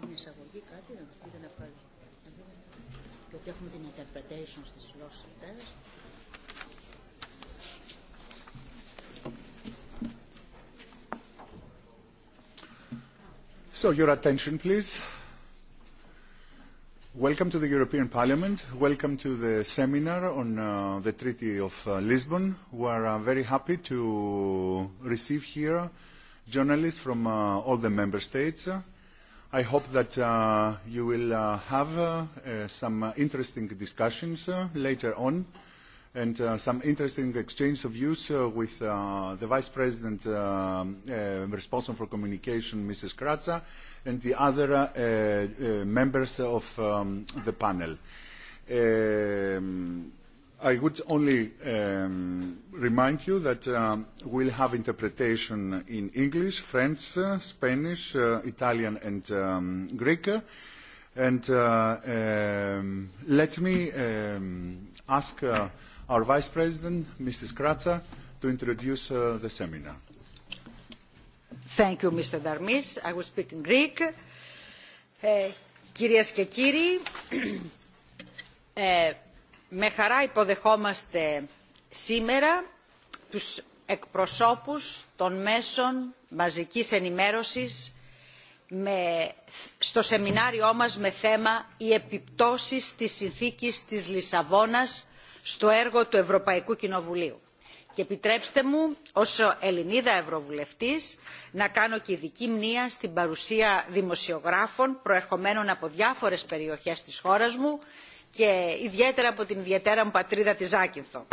μια εισαγωγή κάτι να πείτε να έχουμε την interpretation στις γλώσσες αυτές. So your attention please. Welcome to the European Parliament. Welcome to the seminar on uh, the Treaty of uh, Lisbon. We are uh, very happy to receive here journalists from uh, all the member states. I hope that uh, you will uh, have uh, some interesting discussions uh, later on and uh, some interesting exchange of views uh, with uh, the Vice President uh, uh, responsible for communication, Mrs. Kratza, and the other uh, uh, members of um, the panel. Um, I would only remind you that we'll have interpretation in English, French, Spanish, Italian, and Greek. And let me ask our Vice President, Mrs. Kratsa, to introduce the seminar. Thank you, Mr. Darmis. I will speak in Greek. Κυρίες και κύριοι, με χαρά υποδεχόμαστε σήμερα τους εκπροσώπους των μέσων μαζικής ενημέρωσης στο σεμινάριό μας με θέμα «Οι επιπτώσεις της συνθήκης της Λισαβόνας στο έργο του Ευρωπαϊκού Κοινοβουλίου». Και επιτρέψτε μου, ως Ελληνίδα Ευρωβουλευτής, να κάνω και ειδική μνήα στην παρουσία δημοσιογράφων προερχομένων από διάφορες περιοχές της χώρας μου, και ιδιαίτερα από την ιδιαίτερα μου πατρίδα τη Ζάκυνθο.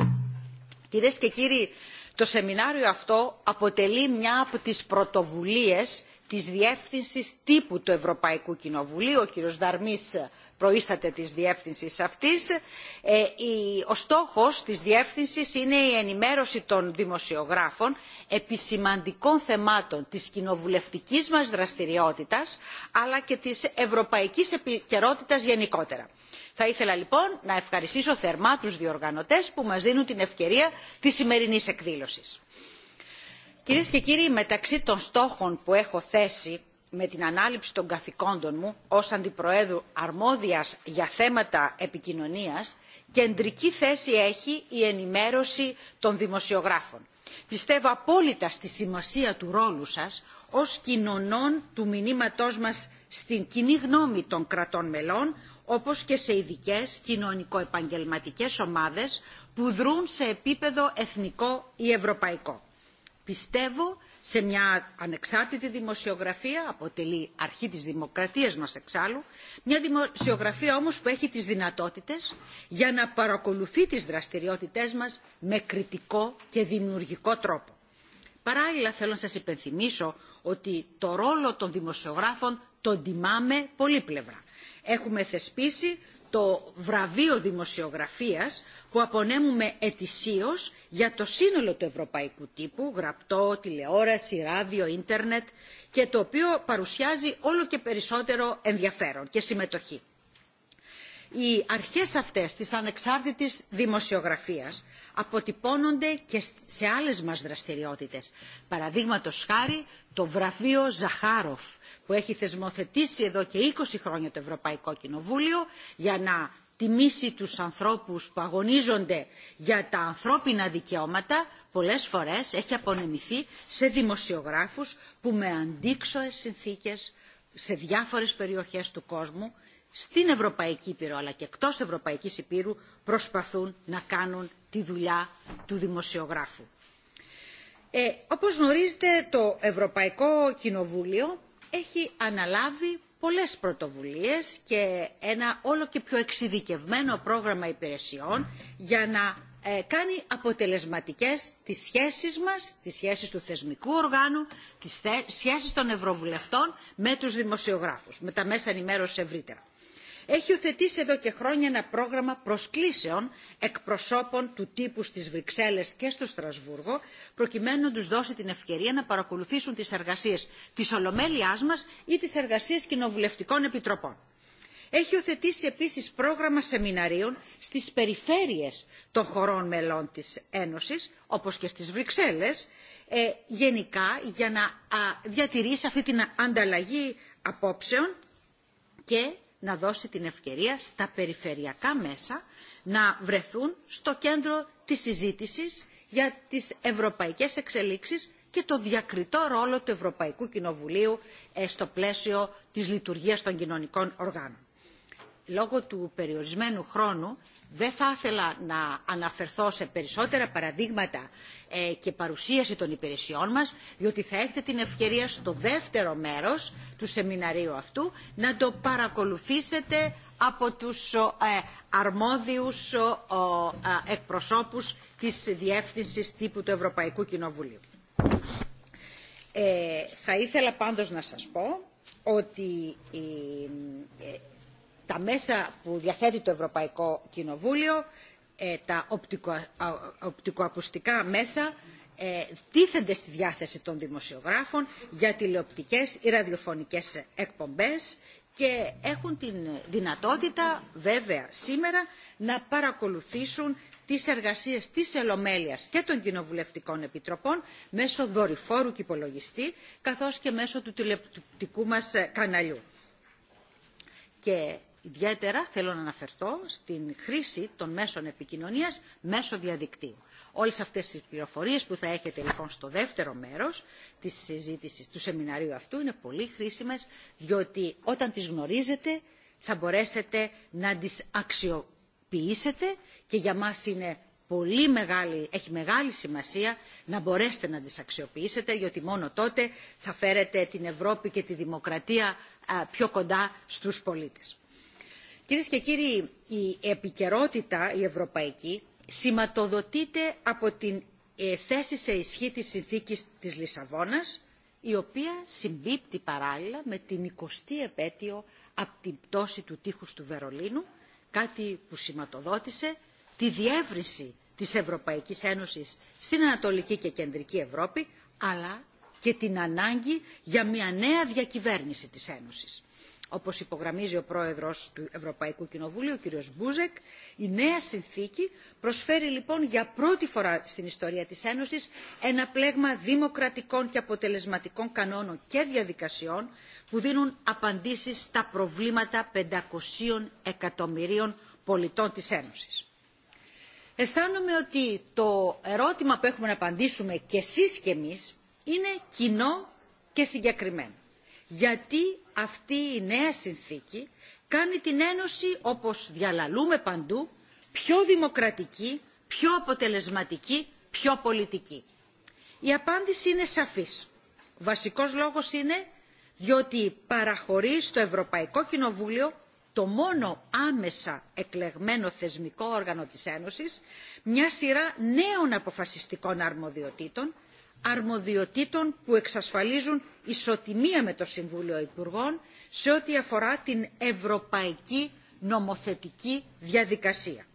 Κυρίες και κύριοι, το σεμινάριο αυτό αποτελεί μια από τις πρωτοβουλίες της Διεύθυνσης Τύπου του Ευρωπαϊκού Κοινοβουλίου. Ο κύριος Δαρμής προείσταται της διεύθυνσης αυτής. Ο στόχος της διεύθυνσης είναι η ενημέρωση των δημοσιογράφων επί σημαντικών θεμάτων της κοινοβουλευτικής μας δραστηριότητας αλλά και της ευρωπαϊκής επικαιρότητα γενικότερα. Θα ήθελα λοιπόν να ευχαριστήσω θερμά τους διοργανωτές που μας δίνουν την ευκαιρία της σημερινής εκδήλωσης. Κυρίες και κύριοι, μεταξύ των στόχων που έχω θέσει με την ανάληψη των καθηκόντων μου ως Αντιπροέδρου αρμόδιας για θέματα επικοινωνίας, κεντρική θέση έχει η ενημέρωση των δημοσιογράφων. Πιστεύω απόλυτα στη σημασία του ρόλου σας ως κοινωνών του μηνύματός μας στην κοινή γνώμη των κρατών μελών, όπως και σε ειδικέ κοινωνικοεπαγγελματικές ομάδες που δρούν σε επίπεδο εθνικό ή ευρωπαϊκό. Πιστεύω σε μια ανεξάρτητη δημοσιογραφία, αποτελεί αρχή της δημοκρατίας μας εξάλλου, μια δημοσιογραφία όμως που έχει τις δυνατότητες για να παρακολουθεί τις δραστηριότητές μας με κριτικό και δημιουργικό τρόπο. Παράλληλα θέλω να σας υπενθυμίσω ότι το ρόλο των δημοσιογράφων τον τιμάμε πολύπλευρα. Έχουμε θεσπίσει το βραβείο δημοσιογραφίας που απονέμουμε ετησίως για το σύνολο του ευρωπαϊκού τύπου, γραπτό, τηλεόραση, ράδιο, ίντερνετ και το οποίο παρουσιάζει όλο και περισσότερο ενδιαφέρον και συμμετοχή. Οι αρχές αυτές της ανεξάρτητης δημοσιογραφίας αποτυπώνονται και σε άλλες μας δραστηριότητες. Παραδείγματος χάρη το βραβείο Ζαχάροφ που έχει θεσμοθετήσει εδώ και 20 χρόνια το Ευρωπαϊκό Κοινοβούλιο για να τιμήσει τους ανθρώπους που αγωνίζονται για τα ανθρώπινα δικαιώματα πολλές φορές έχει απονεμηθεί σε δημοσιογράφους που με αντίξωες συνθήκες σε διάφορες περιοχές του κόσμου στην Ευρωπαϊκή Ήπειρο αλλά και εκτός Ευρωπαϊκής Ήπειρου προσπαθούν να κάνουν τη δουλειά του δημοσιογράφου. Ε, όπως γνωρίζετε το Ευρωπαϊκό Κοινοβούλιο έχει αναλάβει πολλές πρωτοβουλίες και ένα όλο και πιο εξειδικευμένο πρόγραμμα υπηρεσιών για να ε, κάνει αποτελεσματικές τις σχέσεις μας, τις σχέσεις του θεσμικού οργάνου, τις σχέσεις των ευρωβουλευτών με τους δημοσιογράφους, με τα μέσα ενημέρωση ευρύτερα έχει υιοθετήσει εδώ και χρόνια ένα πρόγραμμα προσκλήσεων εκπροσώπων του τύπου στις Βρυξέλλες και στο Στρασβούργο, προκειμένου να τους δώσει την ευκαιρία να παρακολουθήσουν τις εργασίες της Ολομέλειάς μας ή τις εργασίες κοινοβουλευτικών επιτροπών. Έχει υιοθετήσει επίσης πρόγραμμα σεμιναρίων στις περιφέρειες των χωρών μελών της Ένωσης, όπως και στις Βρυξέλλες, ε, γενικά για να α, διατηρήσει αυτή την ανταλλαγή απόψεων και να δώσει την ευκαιρία στα περιφερειακά μέσα να βρεθούν στο κέντρο της συζήτησης για τις ευρωπαϊκές εξελίξεις και το διακριτό ρόλο του Ευρωπαϊκού Κοινοβουλίου στο πλαίσιο της λειτουργίας των κοινωνικών οργάνων λόγω του περιορισμένου χρόνου δεν θα ήθελα να αναφερθώ σε περισσότερα παραδείγματα ε, και παρουσίαση των υπηρεσιών μας, διότι θα έχετε την ευκαιρία στο δεύτερο μέρος του σεμιναρίου αυτού να το παρακολουθήσετε από τους ε, αρμόδιους ε, ε, εκπροσώπους της Διεύθυνσης Τύπου του Ευρωπαϊκού Κοινοβουλίου. Ε, θα ήθελα πάντως να σας πω ότι η, τα μέσα που διαθέτει το Ευρωπαϊκό Κοινοβούλιο, τα οπτικοακουστικά μέσα, τίθενται στη διάθεση των δημοσιογράφων για τηλεοπτικές ή ραδιοφωνικές εκπομπές και έχουν την δυνατότητα βέβαια σήμερα να παρακολουθήσουν τις εργασίες της Ελομέλειας και των Κοινοβουλευτικών Επιτροπών μέσω δορυφόρου και υπολογιστή καθώς και μέσω του τηλεοπτικού μας καναλιού. Και Ιδιαίτερα θέλω να αναφερθώ στην χρήση των μέσων επικοινωνίας μέσω διαδικτύου. Όλες αυτές τις πληροφορίες που θα έχετε λοιπόν στο δεύτερο μέρος της συζήτησης του σεμιναρίου αυτού είναι πολύ χρήσιμες διότι όταν τις γνωρίζετε θα μπορέσετε να τις αξιοποιήσετε και για μας είναι πολύ μεγάλη, έχει μεγάλη σημασία να μπορέσετε να τις αξιοποιήσετε, διότι μόνο τότε θα φέρετε την Ευρώπη και τη δημοκρατία πιο κοντά στους πολίτες. Κυρίε και κύριοι, η επικαιρότητα η ευρωπαϊκή σηματοδοτείται από την θέση σε ισχύ της συνθήκης της Λισαβόνας, η οποία συμπίπτει παράλληλα με την 20η επέτειο από την πτώση του τείχους του Βερολίνου, κάτι που σηματοδότησε τη διεύρυνση της Ευρωπαϊκής Ένωσης στην Ανατολική και Κεντρική Ευρώπη, αλλά και την ανάγκη για μια νέα διακυβέρνηση της Ένωσης. Όπως υπογραμμίζει ο πρόεδρος του Ευρωπαϊκού Κοινοβουλίου, ο κ. Μπούζεκ, η νέα συνθήκη προσφέρει λοιπόν για πρώτη φορά στην ιστορία της Ένωσης ένα πλέγμα δημοκρατικών και αποτελεσματικών κανόνων και διαδικασιών που δίνουν απαντήσεις στα προβλήματα 500 εκατομμυρίων πολιτών της Ένωσης. Αισθάνομαι ότι το ερώτημα που έχουμε να απαντήσουμε και εσείς και εμείς είναι κοινό και συγκεκριμένο. Γιατί αυτή η νέα συνθήκη κάνει την Ένωση, όπως διαλαλούμε παντού, πιο δημοκρατική, πιο αποτελεσματική, πιο πολιτική. Η απάντηση είναι σαφής. Βασικός λόγος είναι διότι παραχωρεί στο Ευρωπαϊκό Κοινοβούλιο το μόνο άμεσα εκλεγμένο θεσμικό όργανο της Ένωσης μια σειρά νέων αποφασιστικών αρμοδιοτήτων αρμοδιοτήτων που εξασφαλίζουν ισοτιμία με το Συμβούλιο Υπουργών σε ό,τι αφορά την ευρωπαϊκή νομοθετική διαδικασία.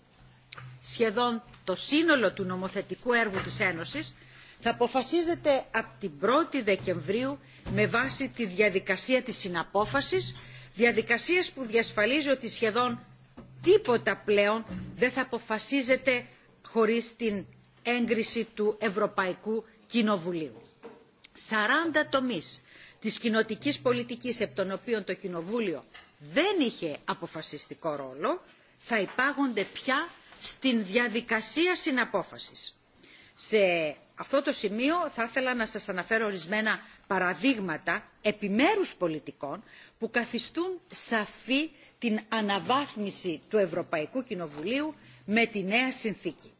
Σχεδόν το σύνολο του νομοθετικού έργου της Ένωσης θα αποφασίζεται από την 1η Δεκεμβρίου με βάση τη διαδικασία της συναπόφασης, διαδικασίας που διασφαλίζει ότι σχεδόν τίποτα πλέον δεν θα αποφασίζεται χωρίς την έγκριση του Ευρωπαϊκού Κοινοβουλίου. 40 τομείς της κοινοτικής πολιτικής, επ' των οποίων το Κοινοβούλιο δεν είχε αποφασιστικό ρόλο, θα υπάγονται πια στην διαδικασία συναπόφασης. Σε αυτό το σημείο θα ήθελα να σας αναφέρω ορισμένα παραδείγματα επιμέρους πολιτικών που καθιστούν σαφή την αναβάθμιση του Ευρωπαϊκού Κοινοβουλίου με τη νέα συνθήκη.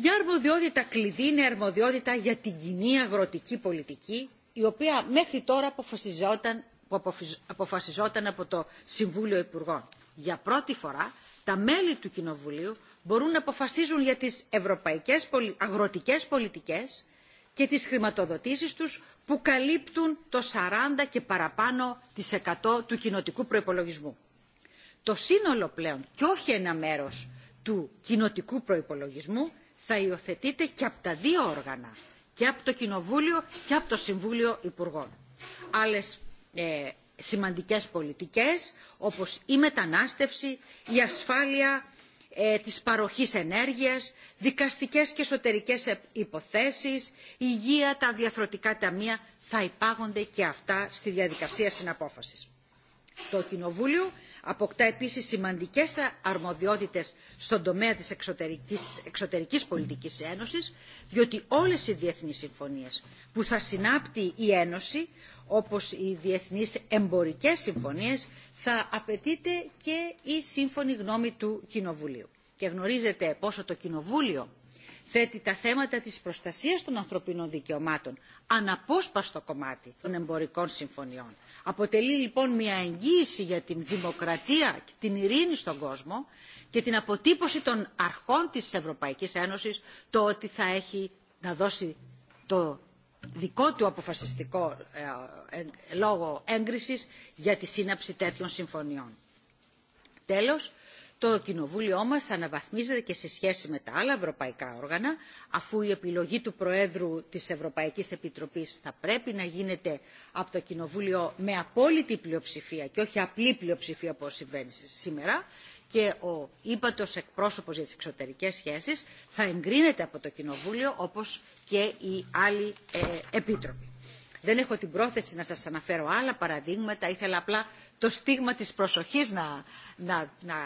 Μια αρμοδιότητα κλειδί είναι η αρμοδιότητα για την κοινή αγροτική πολιτική, η οποία μέχρι τώρα αποφασιζόταν, που αποφασιζόταν από το Συμβούλιο Υπουργών. Για πρώτη φορά, τα μέλη του Κοινοβουλίου μπορούν να αποφασίζουν για τις ευρωπαϊκές αγροτικές πολιτικές και τις χρηματοδοτήσεις τους που καλύπτουν το 40 και παραπάνω της 100 του κοινοτικού προϋπολογισμού. Το σύνολο πλέον και όχι ένα μέρος του κοινοτικού προϋπολογισμού θα υιοθετείται και από τα δύο όργανα, και από το Κοινοβούλιο και από το Συμβούλιο Υπουργών. Άλλες ε, σημαντικές πολιτικές όπως η μετανάστευση, η ασφάλεια ε, της παροχής ενέργειας, δικαστικές και εσωτερικές υποθέσεις, υγεία, τα διαφορετικά ταμεία θα υπάγονται και αυτά στη διαδικασία συναπόφασης. Το Κοινοβούλιο αποκτά επίσης σημαντικές αρμοδιότητες στον τομέα της εξωτερικής, εξωτερικής πολιτικής ένωσης, διότι όλες οι διεθνείς συμφωνίες που θα συνάπτει η Ένωση, όπως οι διεθνείς εμπορικές συμφωνίες, θα απαιτείται και η σύμφωνη γνώμη του Κοινοβουλίου. Και γνωρίζετε πόσο το Κοινοβούλιο θέτει τα θέματα της προστασίας των ανθρωπίνων δικαιωμάτων αναπόσπαστο κομμάτι των εμπορικών συμφωνιών. Αποτελεί λοιπόν μια εγγύηση για την δημοκρατία και την ειρήνη στον κόσμο και την αποτύπωση των αρχών της Ευρωπαϊκής Ένωσης το ότι θα έχει να δώσει το δικό του αποφασιστικό λόγο έγκρισης για τη σύναψη τέτοιων συμφωνιών. Τέλος, Το κοινοβούλιο μας αναβαθμίζεται και σε σχέση με τα άλλα ευρωπαϊκά όργανα, αφού η επιλογή του Προέδρου της Ευρωπαϊκής Επιτροπής θα πρέπει να γίνεται από το κοινοβούλιο με απόλυτη πλειοψηφία και όχι απλή πλειοψηφία όπως συμβαίνει σήμερα, και ο ύπατος εκπρόσωπος για τις εξωτερικές σχέσεις θα εγκρίνεται από το Κοινοβούλιο όπως και οι άλλοι επίτροποι. Δεν έχω την πρόθεση να σας αναφέρω άλλα παραδείγματα, ήθελα απλά το στίγμα της προσοχής να, να, να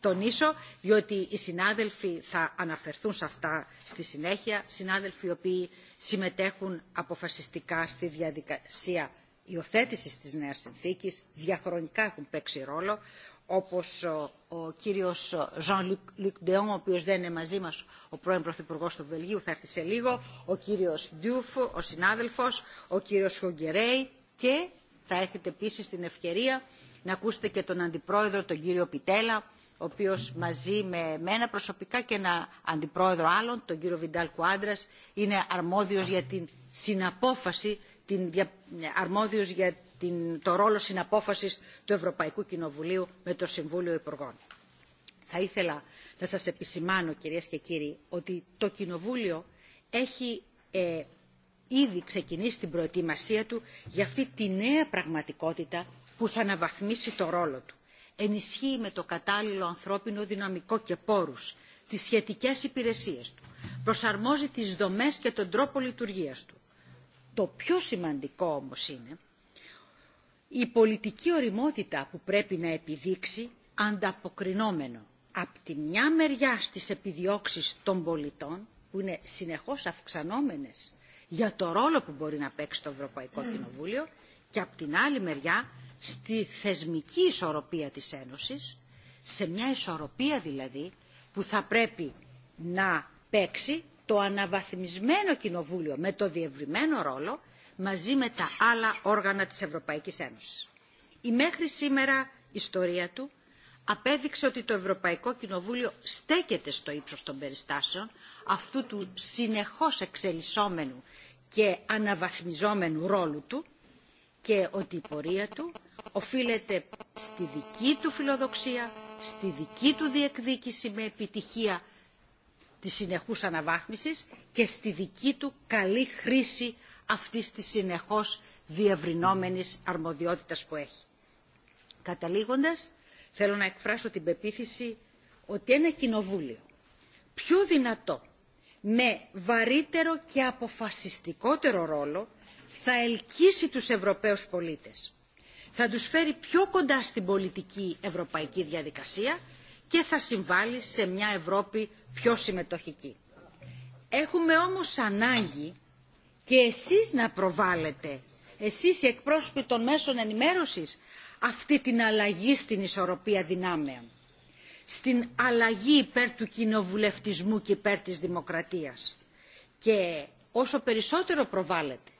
τονίσω, διότι οι συνάδελφοι θα αναφερθούν σε αυτά στη συνέχεια, συνάδελφοι οι οποίοι συμμετέχουν αποφασιστικά στη διαδικασία υιοθέτηση της νέας συνθήκης, διαχρονικά έχουν παίξει ρόλο, όπως ο, ο κύριος Jean-Luc Deon, ο οποίος δεν είναι μαζί μας, ο πρώην Πρωθυπουργός του Βελγίου, θα έρθει σε λίγο, ο κύριος Ντιούφ, ο συνάδελφος, ο κύριος Χογκερέη και θα έχετε επίση την ευκαιρία να ακούσετε και τον Αντιπρόεδρο, τον κύριο Πιτέλα, ο οποίος μαζί με μένα προσωπικά και ένα αντιπρόεδρο άλλων, τον κύριο Βιντάλ Κουάντρας, είναι αρμόδιος για την συναπόφαση, την, αρμόδιος για την, το ρόλο συναπόφασης του Ευρωπαϊκού Κοινοβουλίου με το Συμβούλιο Υπουργών. Θα ήθελα να σας επισημάνω, κυρίες και κύριοι, ότι το Κοινοβούλιο έχει ήδη ξεκινήσει την προετοιμασία του για αυτή τη νέα πραγματικότητα που θα αναβαθμίσει το ρόλο του. Ενισχύει με το κατάλληλο ανθρώπινο δυναμικό και πόρους τις σχετικές υπηρεσίες του. Προσαρμόζει τις δομές και τον τρόπο λειτουργίας του. Το πιο σημαντικό όμως είναι η πολιτική οριμότητα που πρέπει να επιδείξει ανταποκρινόμενο από τη μια μεριά στις επιδιώξεις των πολιτών που είναι συνεχώς αυξανόμενες για το ρόλο που μπορεί να παίξει το Ευρωπαϊκό Κοινοβούλιο και από την άλλη μεριά στη θεσμική ισορροπία της Ένωσης, σε μια ισορροπία δηλαδή που θα πρέπει να παίξει το αναβαθμισμένο κοινοβούλιο με το διευρυμένο ρόλο μαζί με τα άλλα όργανα της Ευρωπαϊκής Ένωσης. Η μέχρι σήμερα ιστορία του απέδειξε ότι το Ευρωπαϊκό Κοινοβούλιο στέκεται στο ύψος των περιστάσεων αυτού του συνεχώς εξελισσόμενου και αναβαθμιζόμενου ρόλου του και ότι η πορεία του οφείλεται στη δική του φιλοδοξία, στη δική του διεκδίκηση με επιτυχία της συνεχούς αναβάθμισης και στη δική του καλή χρήση αυτής της συνεχώς διευρυνόμενης αρμοδιότητας που έχει. Καταλήγοντας, Θέλω να εκφράσω την πεποίθηση ότι ένα κοινοβούλιο πιο δυνατό, με βαρύτερο και αποφασιστικότερο ρόλο, θα ελκύσει τους Ευρωπαίους πολίτες. Θα τους φέρει πιο κοντά στην πολιτική ευρωπαϊκή διαδικασία και θα συμβάλλει σε μια Ευρώπη πιο συμμετοχική. Έχουμε όμως ανάγκη και εσείς να προβάλλετε, εσείς οι εκπρόσωποι των μέσων ενημέρωσης, αυτή την αλλαγή στην ισορροπία δυνάμεων, στην αλλαγή υπέρ του κοινοβουλευτισμού και υπέρ της δημοκρατίας. Και όσο περισσότερο προβάλλεται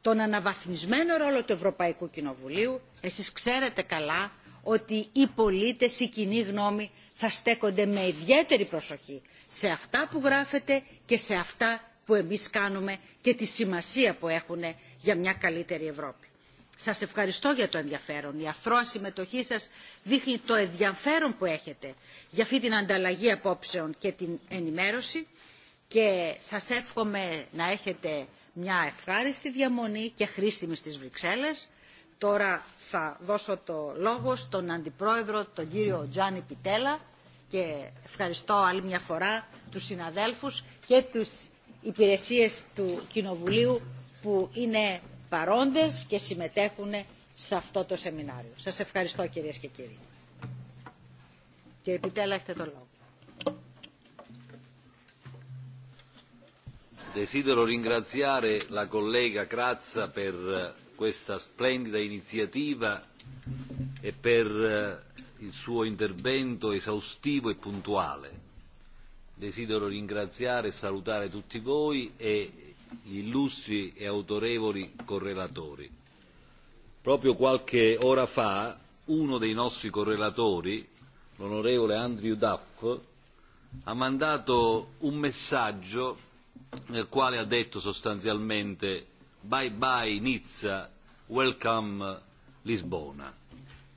τον αναβαθμισμένο ρόλο του Ευρωπαϊκού Κοινοβουλίου, εσείς ξέρετε καλά ότι οι πολίτες, η κοινή γνώμη θα στέκονται με ιδιαίτερη προσοχή σε αυτά που γράφεται και σε αυτά που εμείς κάνουμε και τη σημασία που έχουν για μια καλύτερη Ευρώπη. Σας ευχαριστώ για το ενδιαφέρον. Η αθρώα συμμετοχή σας δείχνει το ενδιαφέρον που έχετε για αυτή την ανταλλαγή απόψεων και την ενημέρωση και σας εύχομαι να έχετε μια ευχάριστη διαμονή και χρήσιμη στις Βρυξέλλες. Τώρα θα δώσω το λόγο στον Αντιπρόεδρο, τον κύριο Τζάνι Πιτέλα και ευχαριστώ άλλη μια φορά τους συναδέλφους και τους υπηρεσίες του Κοινοβουλίου που είναι παρόντες και συμμετέχουν σε αυτό το σεμινάριο. Σας ευχαριστώ κυρίες και κύριοι. Κύριε Πιτέλα, έχετε το λόγο. Desidero ringraziare la collega Crazza per questa splendida iniziativa e per il suo intervento esaustivo e puntuale. Desidero ringraziare e salutare tutti voi e gli illustri e autorevoli correlatori. Proprio qualche ora fa uno dei nostri correlatori, l'onorevole Andrew Duff, ha mandato un messaggio nel quale ha detto sostanzialmente bye bye Nizza, welcome Lisbona.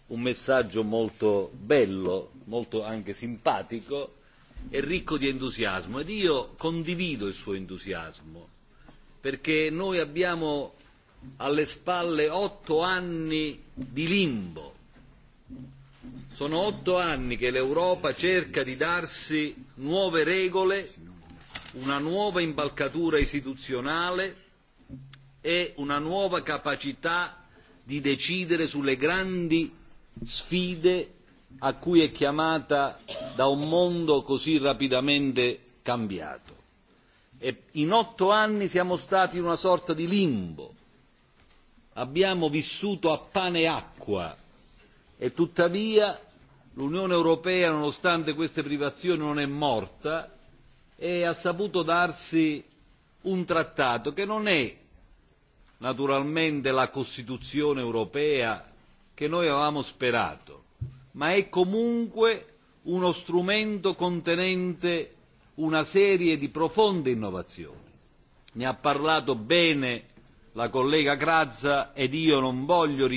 Un messaggio molto bello, molto anche simpatico e ricco di entusiasmo ed io condivido il suo entusiasmo perché noi abbiamo alle spalle otto anni di limbo. Sono otto anni che l'Europa cerca di darsi nuove regole, una nuova imbalcatura istituzionale e una nuova capacità di decidere sulle grandi sfide a cui è chiamata da un mondo così rapidamente cambiato. E in otto anni siamo stati in una sorta di limbo. Abbiamo vissuto a pane e acqua e tuttavia l'Unione Europea, nonostante queste privazioni, non è morta e ha saputo darsi un trattato che non è naturalmente la Costituzione europea che noi avevamo sperato, ma è comunque uno strumento contenente una serie di profonde innovazioni. Ne ha parlato bene la collega Grazza ed io non voglio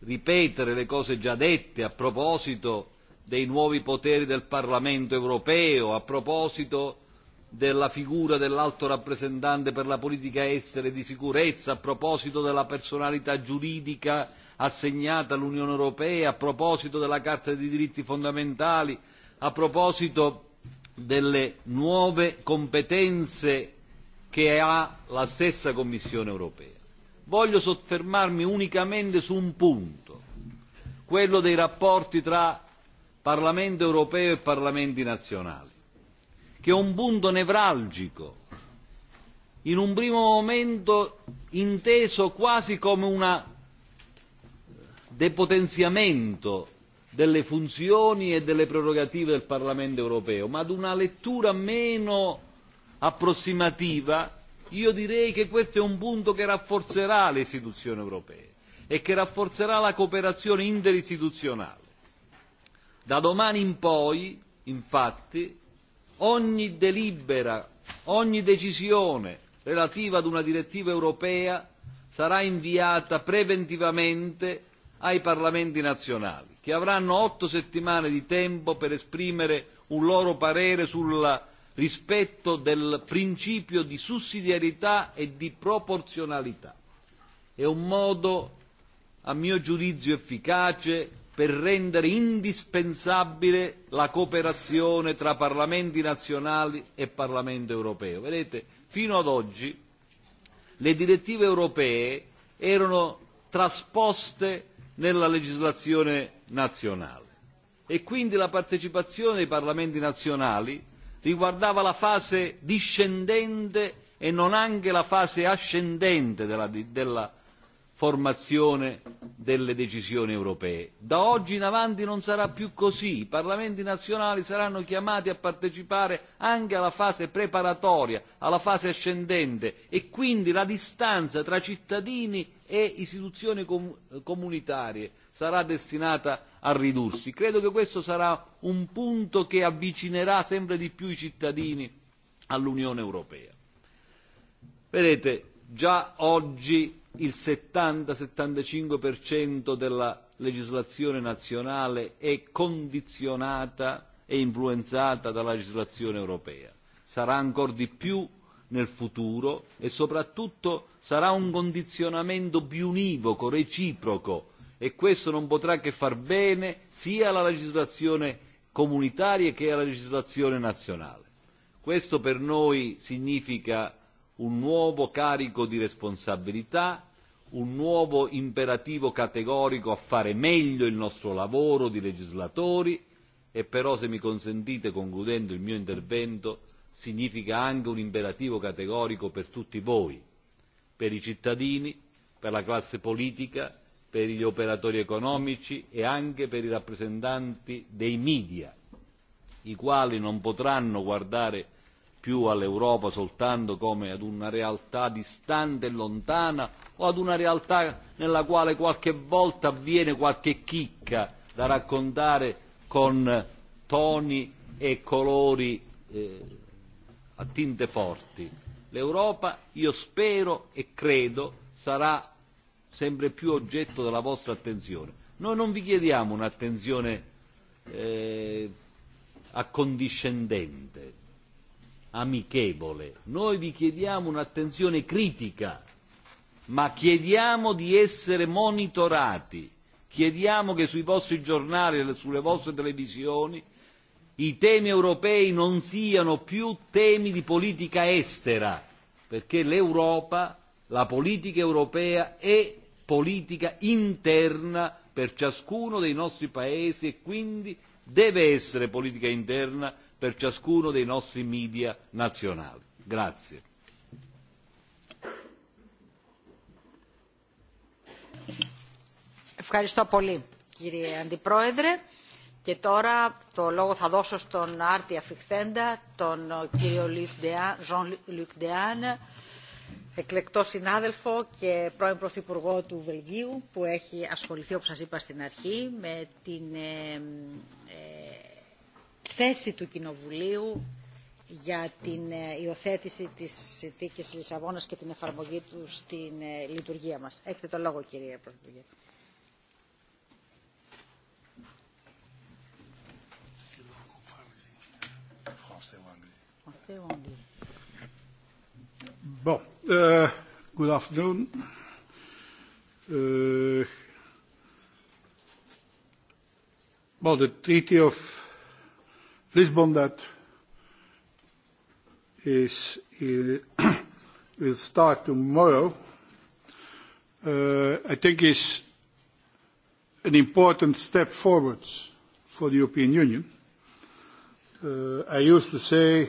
ripetere le cose già dette a proposito dei nuovi poteri del Parlamento europeo, a proposito della figura dell'alto rappresentante per la politica estera e di sicurezza, a proposito della personalità giuridica assegnata all'Unione Europea, a proposito della Carta dei diritti fondamentali, a proposito delle nuove competenze che ha la stessa Commissione europea. Voglio soffermarmi unicamente su un punto, quello dei rapporti tra Parlamento europeo e Parlamenti nazionali, che è un punto nevralgico, in un primo momento inteso quasi come un depotenziamento delle funzioni e delle prerogative del Parlamento europeo, ma ad una lettura meno approssimativa, io direi che questo è un punto che rafforzerà le istituzioni europee e che rafforzerà la cooperazione interistituzionale. Da domani in poi, infatti, ogni delibera, ogni decisione relativa ad una direttiva europea sarà inviata preventivamente ai Parlamenti nazionali, che avranno otto settimane di tempo per esprimere un loro parere sul rispetto del principio di sussidiarietà e di proporzionalità. È un modo, a mio giudizio, efficace per rendere indispensabile la cooperazione tra Parlamenti nazionali e Parlamento europeo. Vedete, fino ad oggi le direttive europee erano trasposte nella legislazione nazionale e quindi la partecipazione dei parlamenti nazionali riguardava la fase discendente e non anche la fase ascendente della, della formazione delle decisioni europee. Da oggi in avanti non sarà più così, i parlamenti nazionali saranno chiamati a partecipare anche alla fase preparatoria, alla fase ascendente e quindi la distanza tra cittadini e istituzioni comunitarie sarà destinata a ridursi. Credo che questo sarà un punto che avvicinerà sempre di più i cittadini all'Unione Europea. Vedete, già oggi il settanta 75 della legislazione nazionale è condizionata e influenzata dalla legislazione europea. Sarà ancor di più nel futuro e soprattutto sarà un condizionamento biunivoco, reciproco e questo non potrà che far bene sia alla legislazione comunitaria che alla legislazione nazionale. Questo per noi significa un nuovo carico di responsabilità, un nuovo imperativo categorico a fare meglio il nostro lavoro di legislatori e però, se mi consentite, concludendo il mio intervento, significa anche un imperativo categorico per tutti voi, per i cittadini, per la classe politica, per gli operatori economici e anche per i rappresentanti dei media, i quali non potranno guardare più all'Europa soltanto come ad una realtà distante e lontana o ad una realtà nella quale qualche volta avviene qualche chicca da raccontare con toni e colori a tinte forti. L'Europa, io spero e credo, sarà sempre più oggetto della vostra attenzione. Noi non vi chiediamo un'attenzione accondiscendente, amichevole. Noi vi chiediamo un'attenzione critica, ma chiediamo di essere monitorati, chiediamo che sui vostri giornali e sulle vostre televisioni i temi europei non siano più temi di politica estera, perché l'Europa, la politica europea è politica interna per ciascuno dei nostri paesi e quindi deve essere politica interna per ciascuno dei nostri media nazionali. Grazie. Ευχαριστώ πολύ κύριε Αντιπρόεδρε. Και τώρα το λόγο θα δώσω στον Άρτη Αφιχθέντα, τον κύριο Ζων Λουκ Ντεάν, εκλεκτό συνάδελφο και πρώην Πρωθυπουργό του Βελγίου, που έχει ασχοληθεί, όπως σας είπα στην αρχή, με την θέση του Κοινοβουλίου για την υιοθέτηση της συνθήκης Λισαβόνας και την εφαρμογή του στην λειτουργία μας. Έχετε το λόγο κυρία Πρωθυπουργέ. Bon, uh, good afternoon. Uh, well, the Treaty of Lisbon that is, will start tomorrow, I think is an important step forward for the European Union. I used to say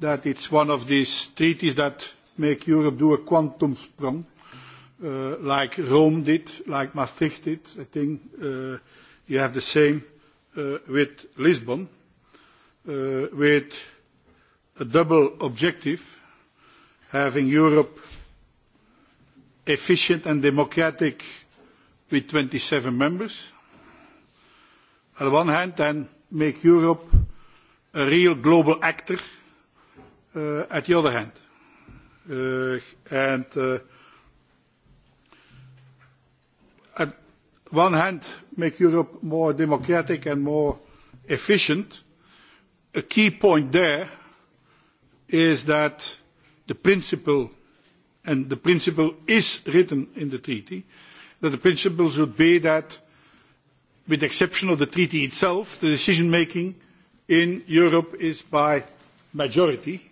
that it's one of these treaties that make Europe do a quantum sprung, like Rome did, like Maastricht did. I think you have the same with Lisbon with a double objective, having Europe efficient and democratic with twenty seven members on the one hand, and make Europe a real global actor on the other hand. and the one hand, make Europe more democratic and more efficient, a key point there is that the principle, and the principle is written in the treaty, that the principle should be that, with the exception of the treaty itself, the decision-making in Europe is by majority,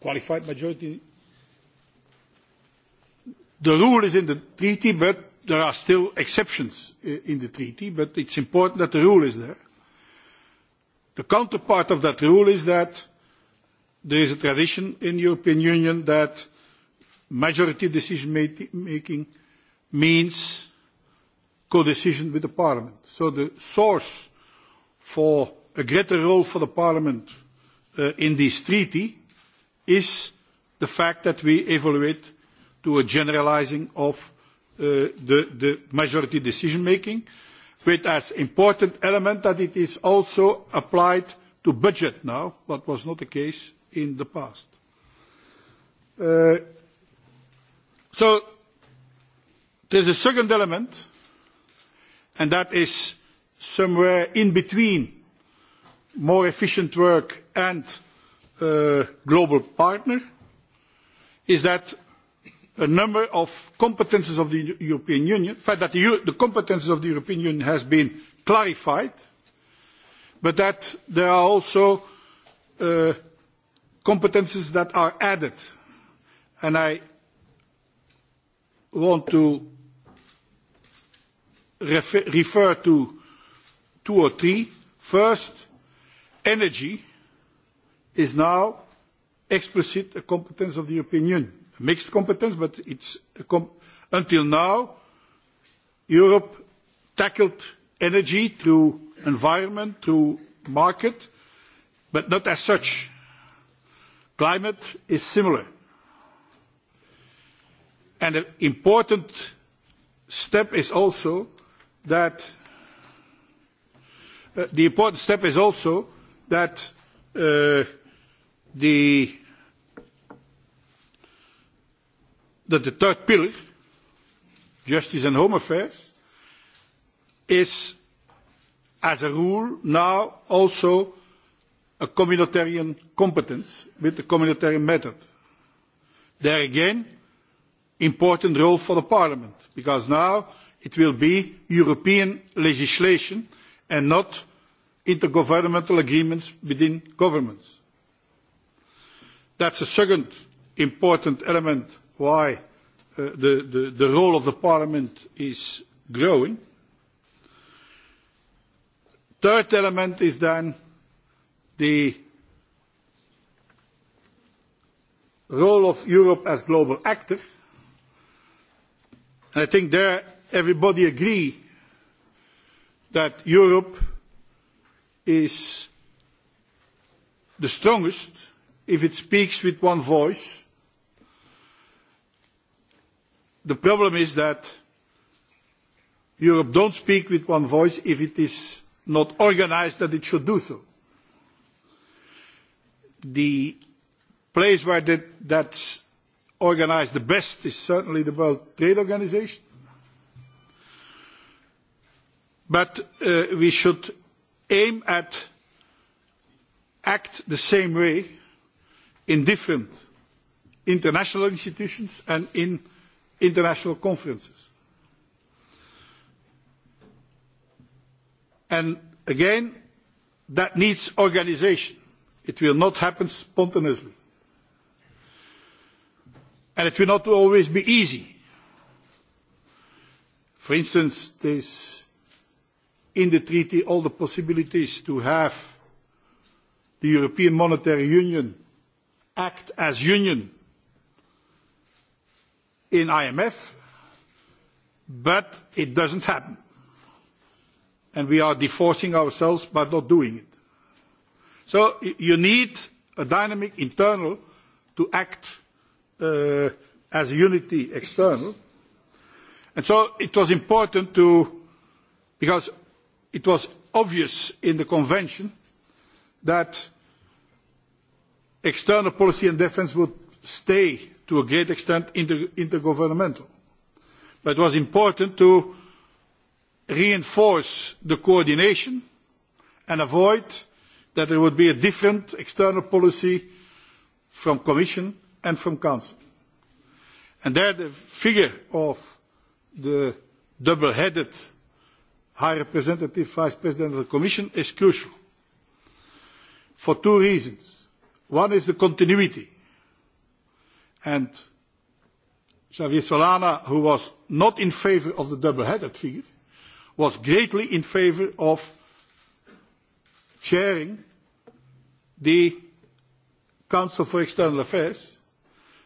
qualified majority. The rule is in the treaty, but there are still exceptions in the treaty, but it's important that the rule is there The counterpart of that rule is that there is a tradition in the European Union that majority decision making means codecision with the Parliament. So the source for a greater role for the Parliament in this treaty is the fact that we evaluate to a generalising of the majority decision making with as important element that it is also applied to budget now, what was not the case in the past. So there is a second element, and that is somewhere in between more efficient work and global partner, is that a number of competences of the European Union, the fact that the, the competences of the European Union has been clarified, but that there are also competences that are added. And I want to refer to two or three. First, energy is now explicit a competence of the European Union mixed competence, but it's until now, Europe tackled energy through environment, through market, but not as such. Climate is similar. And An important step is also that the important step is also that the dat de third pillar, justice and home affairs, is as a rule now also a communitarian competence with the communitarian method. There again, important role for the parliament because now it will be European legislation and not intergovernmental agreements within governments. That is a second important element why the role of parliament is growing. Third element is then the role of Europe as global actor. I think there everybody agrees that Europe is the strongest if it speaks with one voice the problem is that Europe don't speak with one voice if it is not organised that it should do so. The place where that, that's organised the best is certainly the World Trade Organisation. But we should aim at act the same way in different international institutions and in international conferences. And again, that needs organisation. It will not happen spontaneously. And it will not always be easy. For instance, there is in the treaty all the possibilities to have the European Monetary Union act as union in IMF, but it doesn't happen. And we are divorcing ourselves by not doing it. So you need a dynamic internal to act as a unity external. And so it was important to, because it was obvious in the convention that external policy and defence would stay to a great extent intergovernmental. But it was important to reinforce the coordination and avoid that there would be a different external policy from Commission and from Council. And there the figure of the double-headed High Representative Vice President of the Commission is crucial for two reasons. One is the continuity and Javier Solana, who was not in favour of the double-headed figure, was greatly in favour of chairing the Council for External Affairs,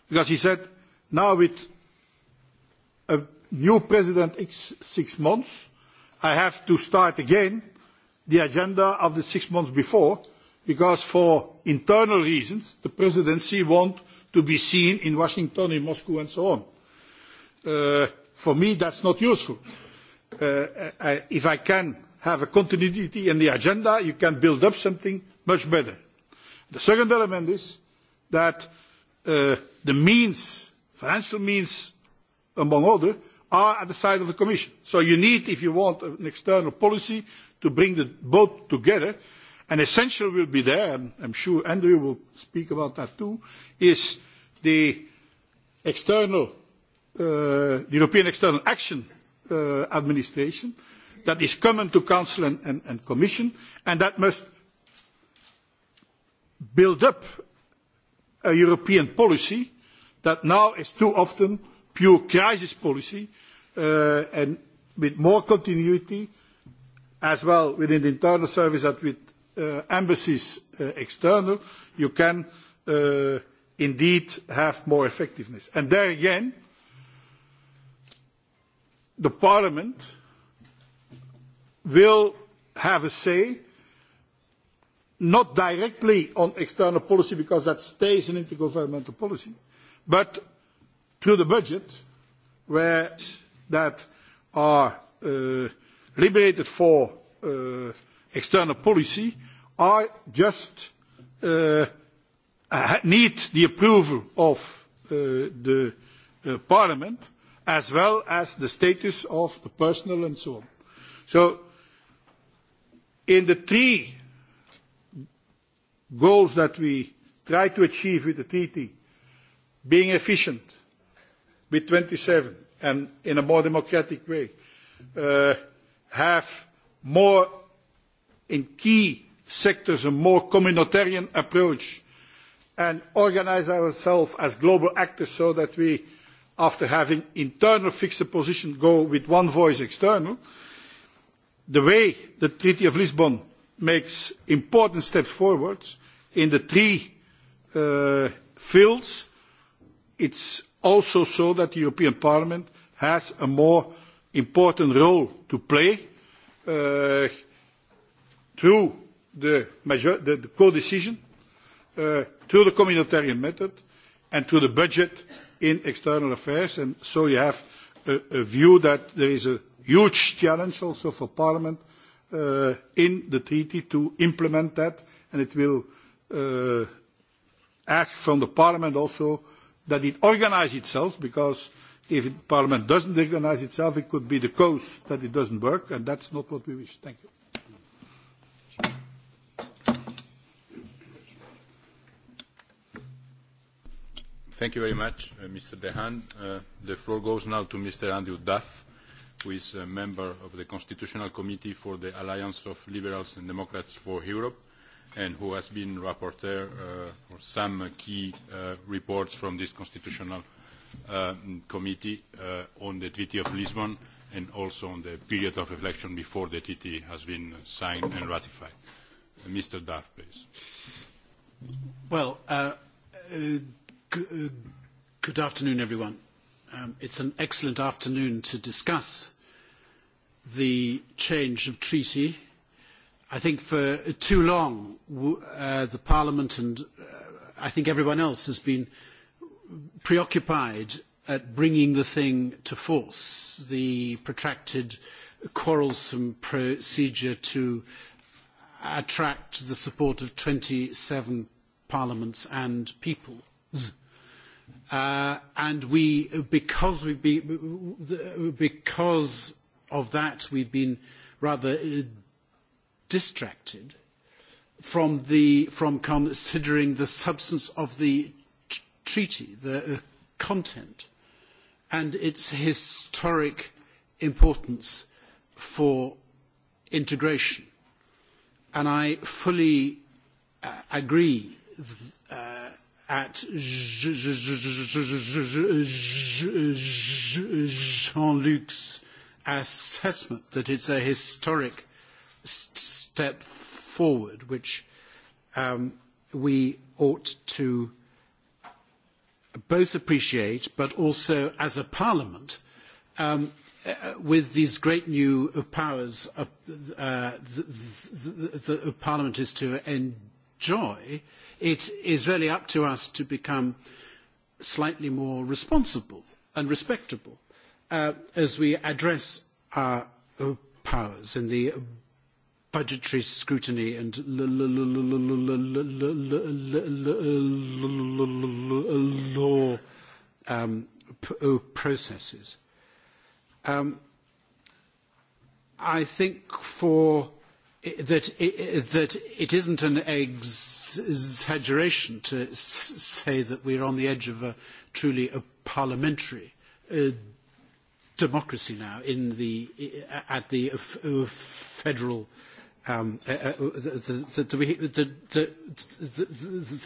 because he said, now with a new president in six months, I have to start again the agenda of the six months before, because for internal reasons, the presidency won't to be seen in Washington, in Moscow, and so on. for me, that's not useful. if I can have a continuity in the agenda, you can build up something much better. The second element is that the means, financial means, among others, are at the side of the Commission. So you need, if you want, an external policy to bring the both together essential will be there, and I'm sure Andrew will speak about that too, is the external, European External Action Administration that is common to Council and, and Commission, and that must build up a European policy that now is too often pure crisis policy and with more continuity as well within the internal service as with embassies external, you can indeed have more effectiveness. And there again, the parliament will have a say, not directly on external policy, because that stays an intergovernmental policy, but through the budget, where that are liberated for external policy are just need the approval of the parliament as well as the status of the personal and so on. So in the three goals that we try to achieve with the treaty, being efficient with twenty seven and in a more democratic way, have more in key sectors a more communitarian approach and organise ourselves as global actors so that we, after having internal fixed position, go with one voice external. The way the Treaty of Lisbon makes important steps forward in the three fields, it is also so that the European Parliament has a more important role to play through the, major, the, the co-decision, uh, through the communitarian method, and through the budget in external affairs. And so you have a, a view that there is a huge challenge also for Parliament uh, in the treaty to implement that, and it will uh, ask from the Parliament also that it organise itself, because if it, Parliament doesn't organise itself, it could be the cause that it doesn't work, and that's not what we wish. Thank you. Thank you very much, Mr. Dehaene. The floor goes now to Mr. Andrew Duff, who is a member of the Constitutional Committee for the Alliance of Liberals and Democrats for Europe, and who has been rapporteur for some key reports from this Constitutional Committee on the Treaty of Lisbon and also on the period of reflection before the treaty has been signed and ratified. Mr. Duff, please. Well, Good afternoon, everyone. It's an excellent afternoon to discuss the change of treaty. I think for too long, the Parliament and I think everyone else has been preoccupied at bringing the thing to force, the protracted, quarrelsome procedure to attract the support of twenty seven parliaments and peoples and we, because, because of that, we've been rather distracted from, from considering the substance of the treaty, the content, and its historic importance for integration. And I fully agree at Jean-Luc's assessment that it's a historic step forward, which we ought to both appreciate, but also as a parliament, with these great new powers, the parliament is to end joy, it is really up to us to become slightly more responsible and respectable as we address our powers in the budgetary scrutiny and law processes. I think for that it isn't an exaggeration to say that we are on the edge of a truly parliamentary democracy now at the federal that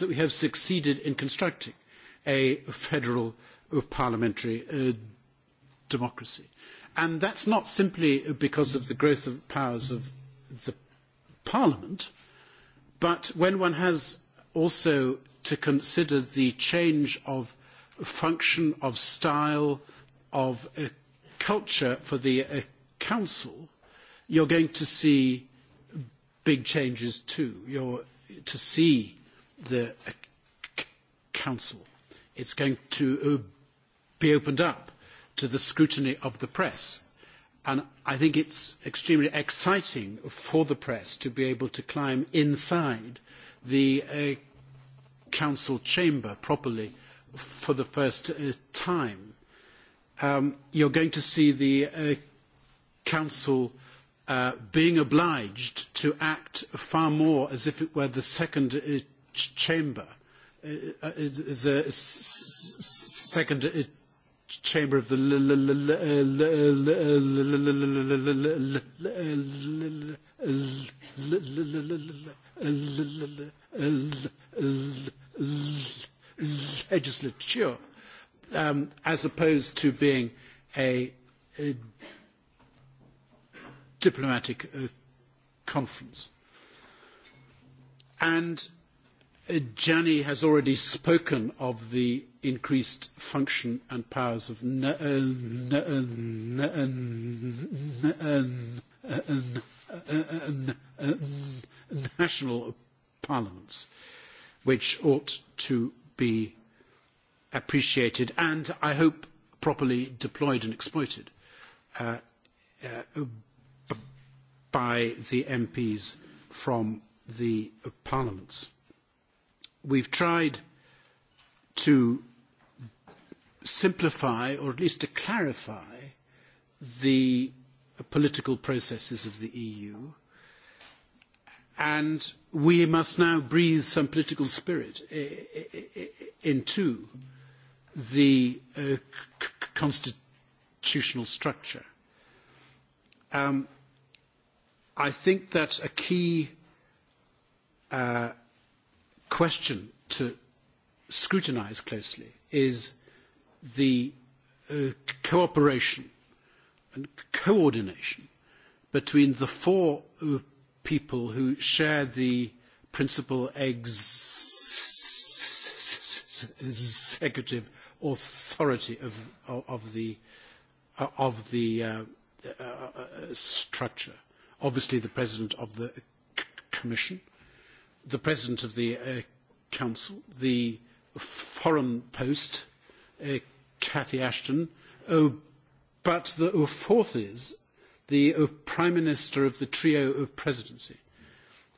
we have succeeded in constructing a federal parliamentary democracy. And that's not simply because of the growth of powers of the Parliament, but when one has also to consider the change of function, of style, of culture for the Council, you are going to see big changes too. You are to see the Council. It is going to be opened up to the scrutiny of the press And I think it's extremely exciting for the press to be able to climb inside the council chamber properly for the first time. You are going to see the council being obliged to act far more as if it were the second chamber, the second chamber of the legislature um, as opposed to being a, a diplomatic uh, conference. And Gianni has already spoken of the increased function and powers of national parliaments, which ought to be appreciated and, I hope, properly deployed and exploited by the MPs from the parliaments we've tried to simplify or at least to clarify the political processes of the EU. And we must now breathe some political spirit into the constitutional structure. I think that a key question to scrutinise closely is the cooperation and coordination between the four people who share the principal executive authority of the structure. Obviously, the President of the Commission, the President of the Council, the Foreign Post, Cathy Ashton, but the fourth is the Prime Minister of the trio of presidency,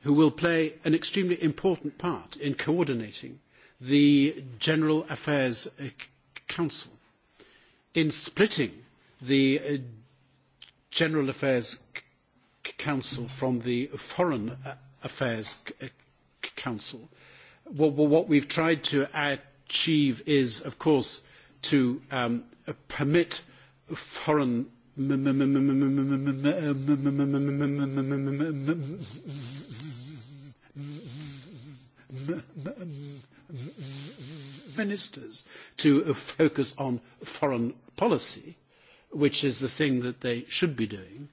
who will play an extremely important part in coordinating the General Affairs Council, in splitting the General Affairs Council from the Foreign Affairs Council Council. What, what we've tried to achieve is, of course, to permit foreign ministers to focus on foreign policy, which is the thing that they should be doing,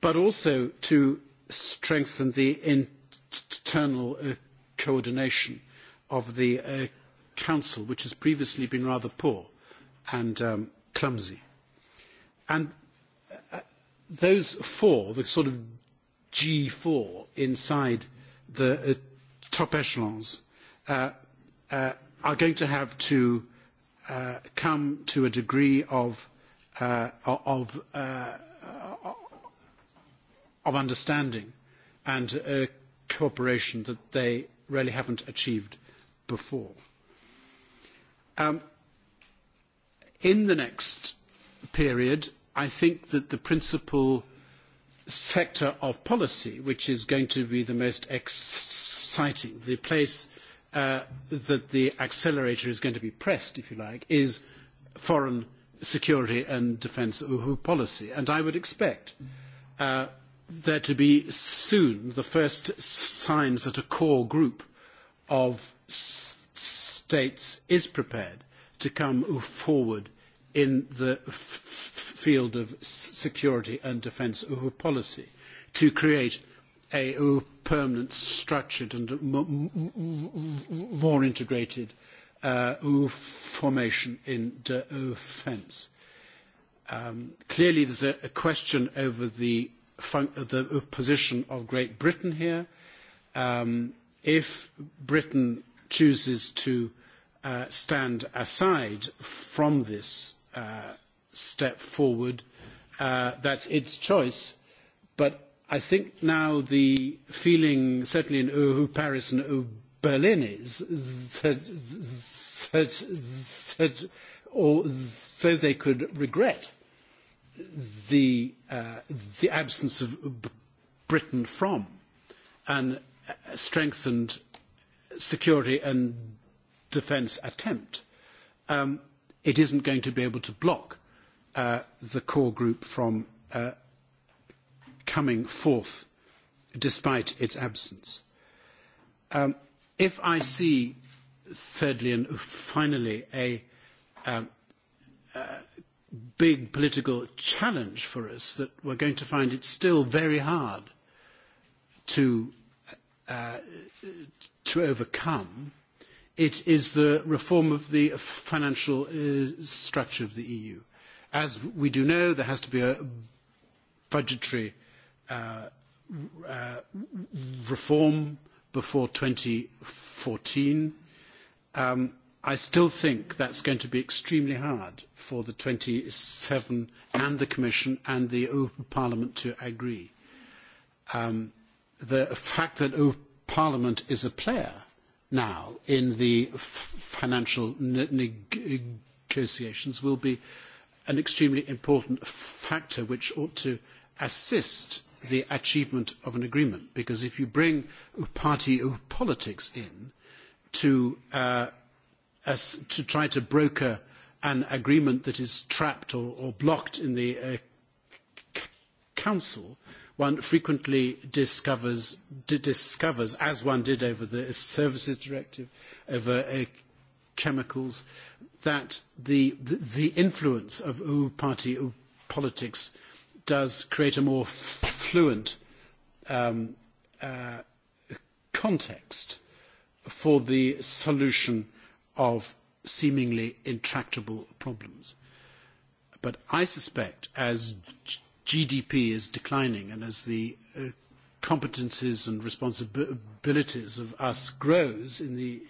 but also to strengthen the internal coordination of the Council, which has previously been rather poor and clumsy. And those four, the sort of g four inside the top echelons, are going to have to come to a degree of understanding and cooperation that they really haven't achieved before. in the next period, I think that the principal sector of policy, which is going to be the most exciting, the place that the accelerator is going to be pressed, if you like, is foreign security and defence policy. And I would expect there to be soon the first signs that a core group of states is prepared to come forward in the field of security and defence policy to create a permanent, structured and more integrated formation in defence. Clearly, there is a question over the the position of Great Britain here. if Britain chooses to stand aside from this step forward, that is its choice. But I think now the feeling, certainly in Paris and Berlin, is that, although they could regret the, the absence of Britain from an strengthened security and defence attempt, um, it isn't going to be able to block the core group from coming forth despite its absence. if I see, thirdly and finally, a big political challenge for us that we're going to find it still very hard to uh, to overcome. It is the reform of the financial uh, structure of the EU. As we do know, there has to be a budgetary uh, uh, reform before 2014. Um, I still think that is going to be extremely hard for the twenty seven and the Commission and the Parliament to agree. the fact that Parliament is a player now in the financial negotiations will be an extremely important factor which ought to assist the achievement of an agreement because if you bring party politics in to to try to broker an agreement that is trapped or, blocked in the Council, one frequently discovers, as one did over the Services Directive, over chemicals, that the, influence of party politics does create a more fluent context for the solution of seemingly intractable problems. But I suspect as GDP is declining and as the competences and responsibilities of us grows in the,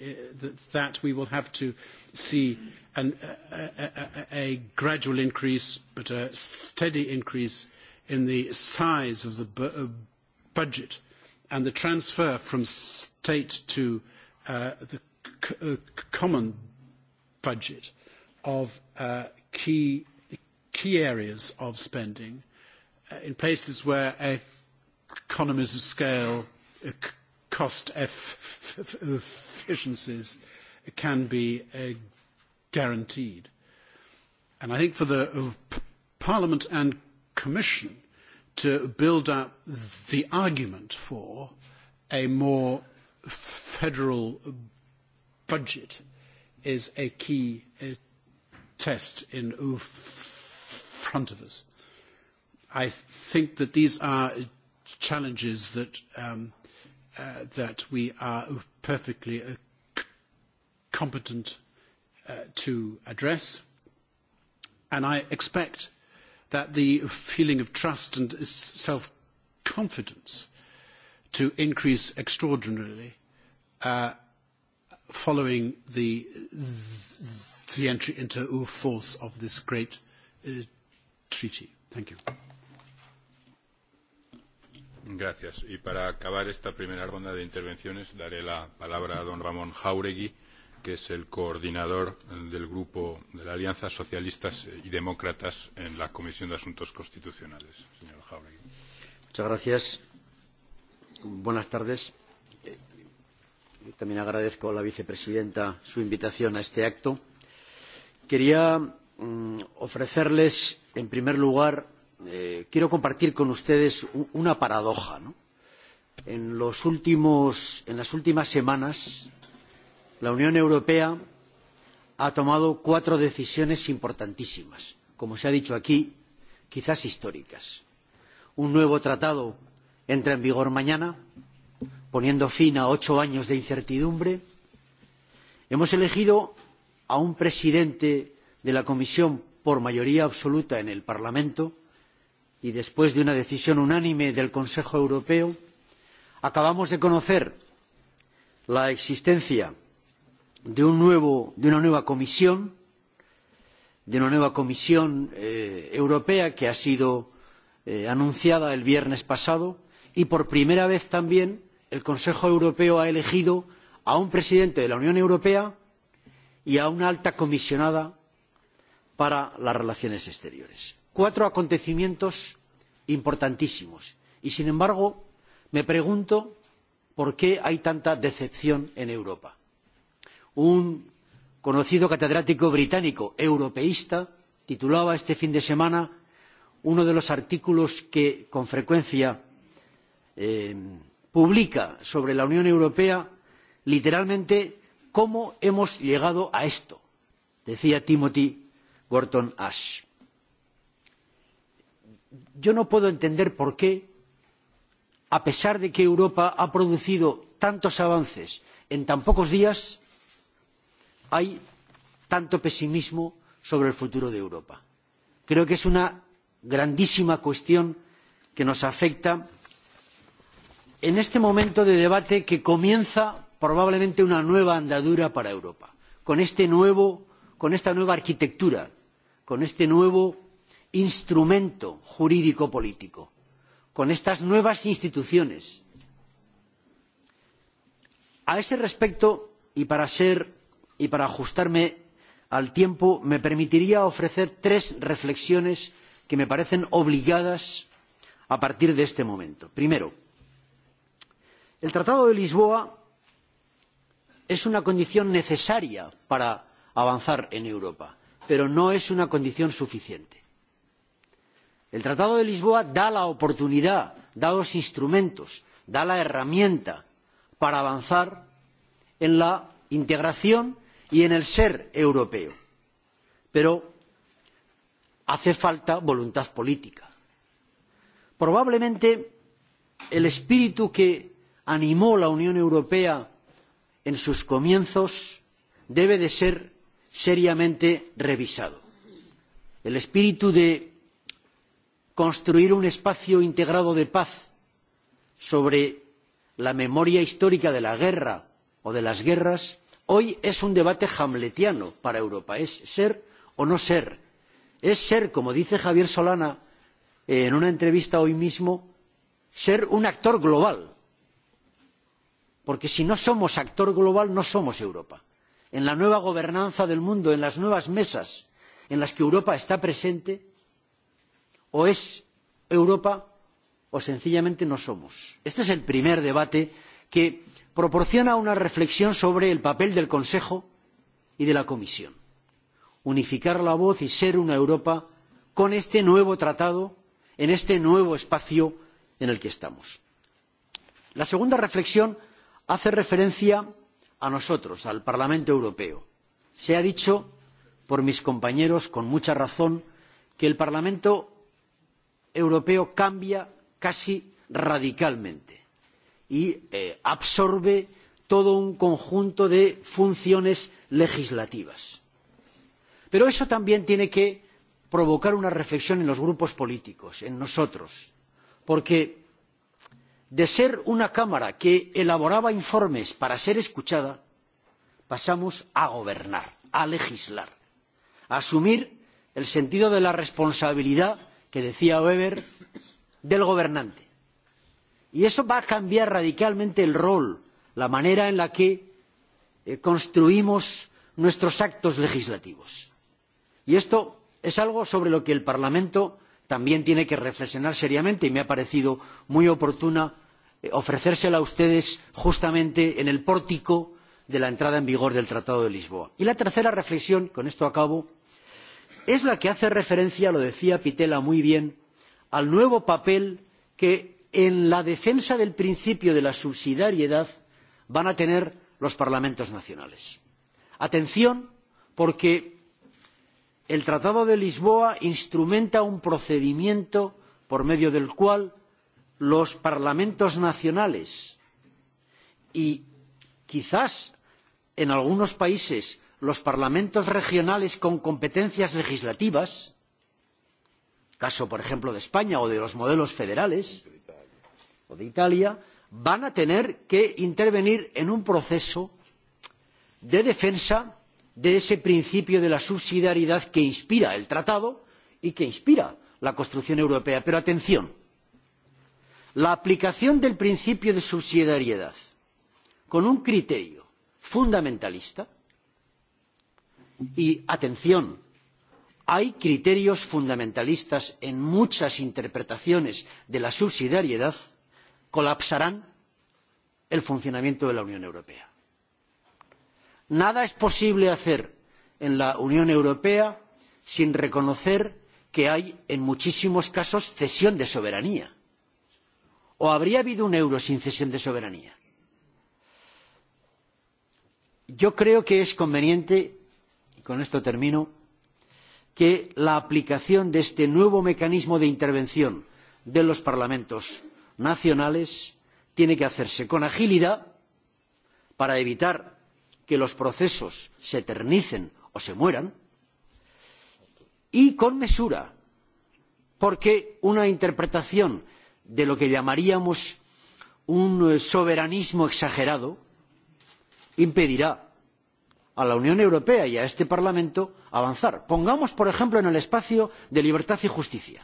that we will have to see a, gradual increase but a steady increase in the size of the budget and the transfer from state to the common budget of key areas of spending in places where economies of scale, cost efficiencies can be guaranteed. I think for the Parliament and Commission to build up the argument for a more federal budget is a key test in front of us. I think that these are challenges that we are perfectly competent to address. And I expect that the feeling of trust and self-confidence to increase extraordinarily following the, the entry into force of this great treaty. Thank you. Gracias. Y para acabar esta primera ronda de intervenciones, daré la palabra a don Ramón Jauregui, que es el coordinador del grupo de la Alianza Socialistas y Demócratas en la Comisión de Asuntos Constitucionales. Señor Jauregui. Muchas gracias. Buenas tardes Yo también agradezco a la vicepresidenta su invitación a este acto. Quería ofrecerles, en primer lugar, quiero compartir con ustedes una paradoja. En, las últimas semanas, la Unión Europea ha tomado cuatro decisiones importantísimas, como se ha dicho aquí, quizás históricas. Un nuevo tratado entra en vigor mañana, poniendo fin a ocho años de incertidumbre, hemos elegido a un presidente de la Comisión por mayoría absoluta en el Parlamento y después de una decisión unánime del Consejo Europeo, acabamos de conocer la existencia de, una nueva comisión, de una nueva comisión europea que ha sido anunciada el viernes pasado y por primera vez también el Consejo Europeo ha elegido a un presidente de la Unión Europea y a una alta comisionada para las relaciones exteriores. Cuatro acontecimientos importantísimos. Y, sin embargo, me pregunto por qué hay tanta decepción en Europa. Un conocido catedrático británico europeísta titulaba este fin de semana uno de los artículos que con frecuencia publica sobre la Unión Europea literalmente cómo hemos llegado a esto, decía Timothy Gorton Ash. Yo no puedo entender por qué, a pesar de que Europa ha producido tantos avances en tan pocos días, hay tanto pesimismo sobre el futuro de Europa. Creo que es una grandísima cuestión que nos afecta en este momento de debate que comienza probablemente una nueva andadura para Europa, con, esta nueva arquitectura, con este nuevo instrumento jurídico político, con estas nuevas instituciones. A ese respecto, y para ser y para ajustarme al tiempo, me permitiría ofrecer tres reflexiones que me parecen obligadas a partir de este momento. Primero, el tratado de lisboa es una condición necesaria para avanzar en europa pero no es una condición suficiente. el tratado de lisboa da la oportunidad da los instrumentos da la herramienta para avanzar en la integración y en el ser europeo pero hace falta voluntad política. probablemente el espíritu que animó la Unión Europea en sus comienzos debe ser seriamente revisado. El espíritu de construir un espacio integrado de paz sobre la memoria histórica de la guerra o de las guerras hoy es un debate hamletiano para Europa. Es ser o no ser. Es ser, como dice Javier Solana en una entrevista hoy mismo, ser un actor global porque si no somos actor global no somos Europa. En la nueva gobernanza del mundo, en las nuevas mesas en las que Europa está presente, o es Europa o sencillamente no somos. Este es el primer debate que proporciona una reflexión sobre el papel del Consejo y de la Comisión. Unificar la voz y ser una Europa con este nuevo tratado, en este nuevo espacio en el que estamos. La segunda reflexión hace referencia a nosotros, al Parlamento Europeo. Se ha dicho por mis compañeros con mucha razón que el Parlamento Europeo cambia casi radicalmente y absorbe todo un conjunto de funciones legislativas. Pero eso también tiene que provocar una reflexión en los grupos políticos, en nosotros, porque de ser una Cámara que elaboraba informes para ser escuchada, pasamos a gobernar, a legislar, a asumir el sentido de la responsabilidad que decía Weber del gobernante. Y eso va a cambiar radicalmente el rol, la manera en la que construimos nuestros actos legislativos. Y esto es algo sobre lo que el Parlamento también tiene que reflexionar seriamente y me ha parecido muy oportuna ofrecérsela a ustedes justamente en el pórtico de la entrada en vigor del Tratado de Lisboa. Y la tercera reflexión, con esto acabo, es la que hace referencia, lo decía Pittella muy bien, al nuevo papel que en la defensa del principio de la subsidiariedad van a tener los parlamentos nacionales. Atención, porque el Tratado de Lisboa instrumenta un procedimiento por medio del cual los parlamentos nacionales y quizás en algunos países los parlamentos regionales con competencias legislativas caso por ejemplo de España o de los modelos federales o de Italia van a tener que intervenir en un proceso de defensa de ese principio de la subsidiariedad que inspira el tratado y que inspira la construcción europea. Pero atención, la aplicación del principio de subsidiariedad con un criterio fundamentalista y atención hay criterios fundamentalistas en muchas interpretaciones de la subsidiariedad colapsarán el funcionamiento de la Unión Europea. Nada es posible hacer en la Unión Europea sin reconocer que hay en muchísimos casos cesión de soberanía o habría habido un euro sin cesión de soberanía? Yo creo que es conveniente, y con esto termino, que la aplicación de este nuevo mecanismo de intervención de los parlamentos nacionales tiene que hacerse con agilidad para evitar que los procesos se eternicen o se mueran y con mesura porque una interpretación de lo que llamaríamos un soberanismo exagerado impedirá a la Unión Europea y a este Parlamento avanzar. Pongamos, por ejemplo, en el espacio de libertad y justicia,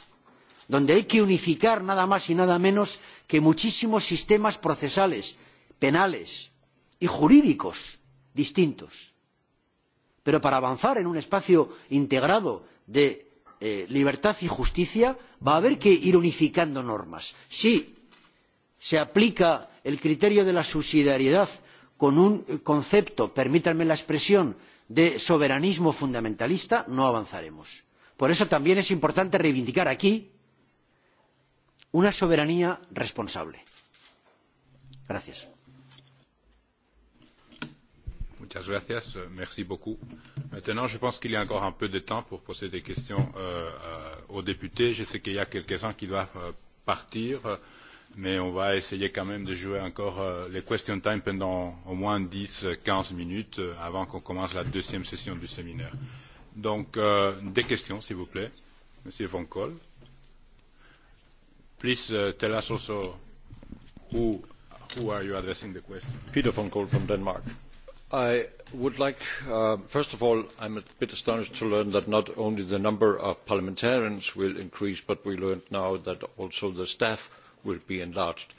donde hay que unificar nada más y nada menos que muchísimos sistemas procesales, penales y jurídicos distintos. Pero para avanzar en un espacio integrado de libertad y justicia va a haber que ir unificando normas. si se aplica el criterio de la subsidiariedad con un concepto permítanme la expresión de soberanismo fundamentalista no avanzaremos. por eso también es importante reivindicar aquí una soberanía responsable. gracias. Muchas gracias. Merci beaucoup. Maintenant, je pense qu'il y a encore un peu de temps pour poser des questions aux députés. Je sais qu'il y a quelques-uns qui doivent partir, mais on va essayer quand même de jouer encore les question time pendant au moins dix, quinze minutes avant qu'on commence la deuxième session du séminaire. Donc, des questions, s'il vous plaît. Monsieur Von Kohl. Please tell us also who, who are you addressing the question. Peter Von Kohl from Denmark I would like, first of all, I am a bit astonished to learn that not only the number of parliamentarians will increase, but we learned now that also the staff will be enlarged.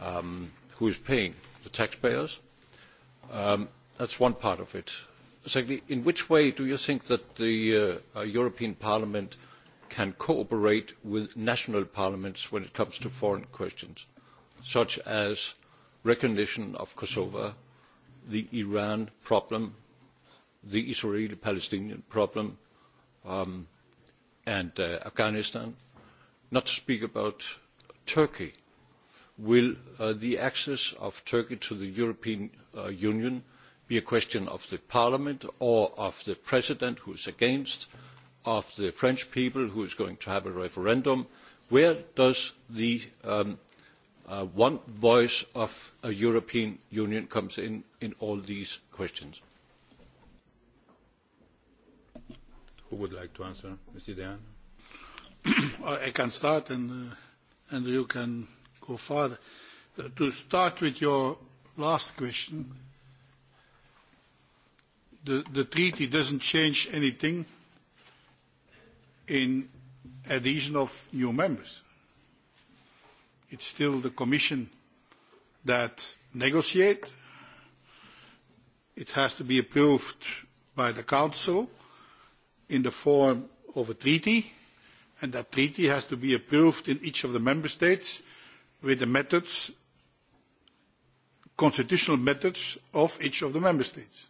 who is paying? The taxpayers? That is one part of it. Secondly, in which way do you think that the European Parliament can cooperate with national parliaments when it comes to foreign questions, such as recognition of Kosovo the Iran problem, the Israeli-Palestinian problem, and Afghanistan, not to speak about Turkey. Will the access of Turkey to the European Union be a question of the parliament or of the president who is against, of the French people who is going to have a referendum? Where does the one voice of a European Union comes in in all these questions. Who would like to answer? Mr. Dehan? I can start and, and you can go further. to start with your last question, the, the treaty doesn't change anything in adhesion of new members It's still the Commission that negotiate. It has to be approved by the Council in the form of a treaty, and that treaty has to be approved in each of the Member States with the methods, constitutional methods of each of the Member States.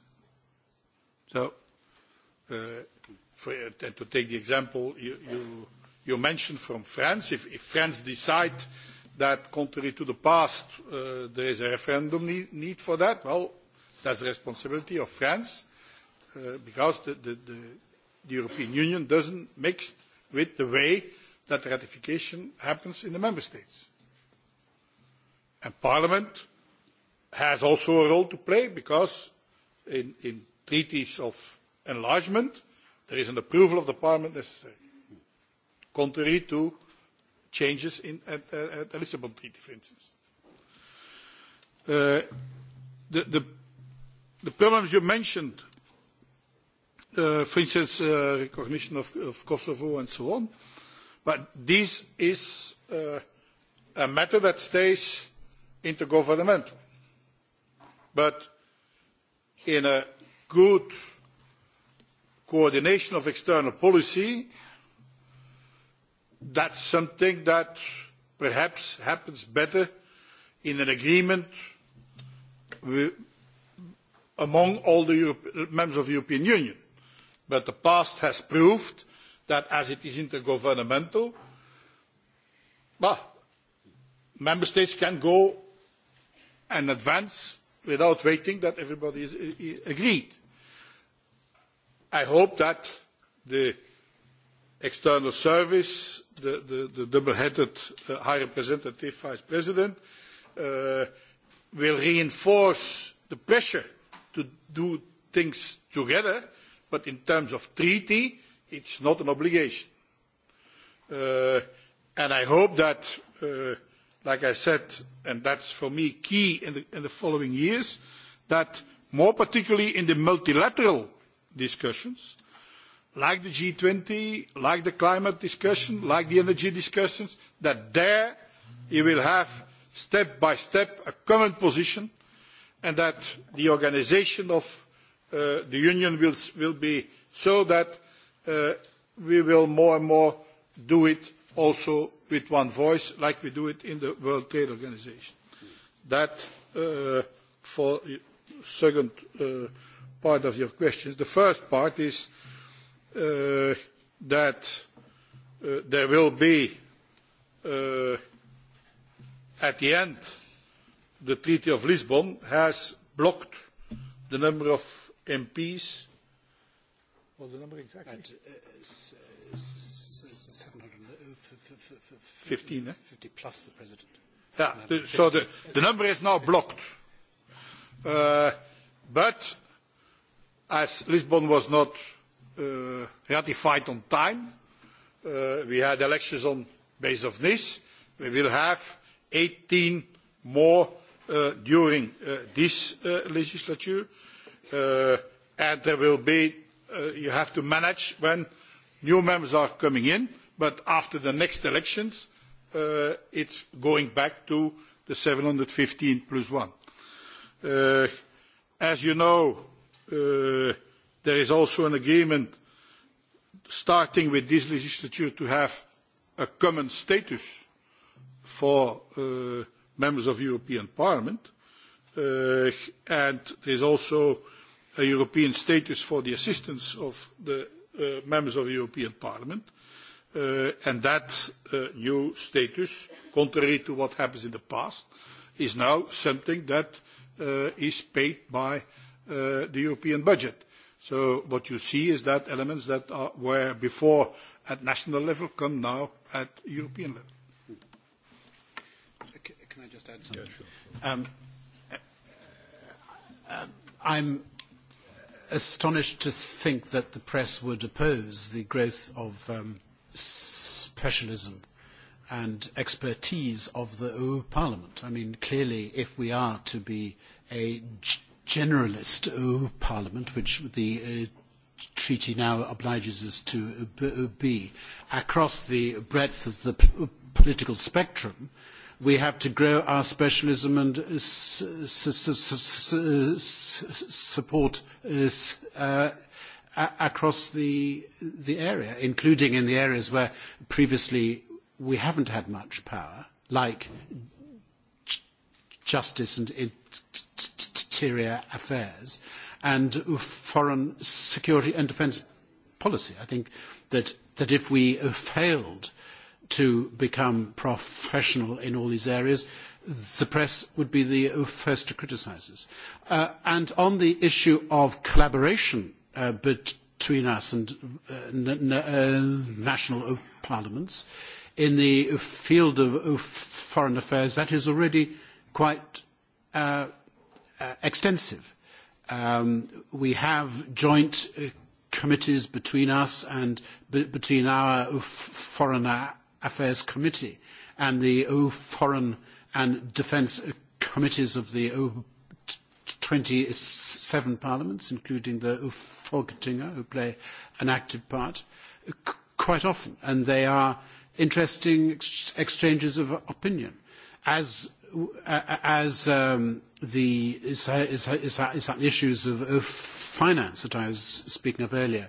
So, to take the example you, you, you mentioned from France, if, if France decides that contrary to the past, there is a referendum need for that? Well, that's the responsibility of France because the, European Union doesn't mix with the way that ratification happens in the member states. And Parliament has also a role to play because in, in treaties of enlargement, there is an approval of the Parliament necessary, contrary to changes in, at, at the Lisbon Treaty, for instance. the, the, the problems you mentioned, uh, for instance, uh, recognition of, of Kosovo and so on, but this is uh, a matter that stays intergovernmental. But in a good coordination of external policy, That is something that perhaps happens better in an agreement among all the members of the European Union. But the past has proved that as it is intergovernmental, member states can go and advance without waiting that everybody is agreed. I hope that the external service, the, the, the double-headed High Representative Vice President, will reinforce the pressure to do things together, but in terms of treaty, it is not an obligation. and I hope that, like I said, and that's is for me key in the, in the following years, that more particularly in the multilateral discussions, uh, like the g twenty, like the climate discussion, like the energy discussions, that there you will have step by step a common position and that the organisation of the union will, be so that we will more and more do it also with one voice like we do it in the World Trade Organisation. That for the second part of your questions. The first part is that there will be at the end the Treaty of Lisbon has blocked the number of MPs What's the number exactly? fifty uh, plus the president. Yeah, so the, the number is now blocked. but as Lisbon was not ratified on time. we had elections on the basis of this. We will have eighteen more during this legislature. and there will be, you have to manage when new members are coming in, but after the next elections, it is going back to the seven hundred and fifteen plus one. as you know, there is also an agreement starting with this legislature to have a common status for members of the European Parliament, and there is also a European status for the assistance of the members of the European Parliament. and that new status, contrary to what happens in the past, is now something that is paid by the European budget So what you see is that elements that are, were before at national level come now at European level. Can I just add something? Um, I'm astonished to think that the press would oppose the growth of specialism and expertise of the Parliament. I mean, clearly, if we are to be a generalist parliament, which the treaty now obliges us to be, across the breadth of the political spectrum, we have to grow our specialism and support across the area, including in the areas where previously we haven't had much power, like justice and interior affairs and foreign security and defence policy. I think that, that if we failed to become professional in all these areas, the press would be the first to criticise us. and on the issue of collaboration between us and national parliaments, in the field of foreign affairs, that is already quite extensive. we have joint committees between us and between our Foreign Affairs Committee and the Foreign and Defence Committees of the twenty seven parliaments, including the Fogtinger, who play an active part, quite often, and they are interesting exchanges of opinion, as as um, the it's, it's, it's, issues of, of finance that I was speaking of earlier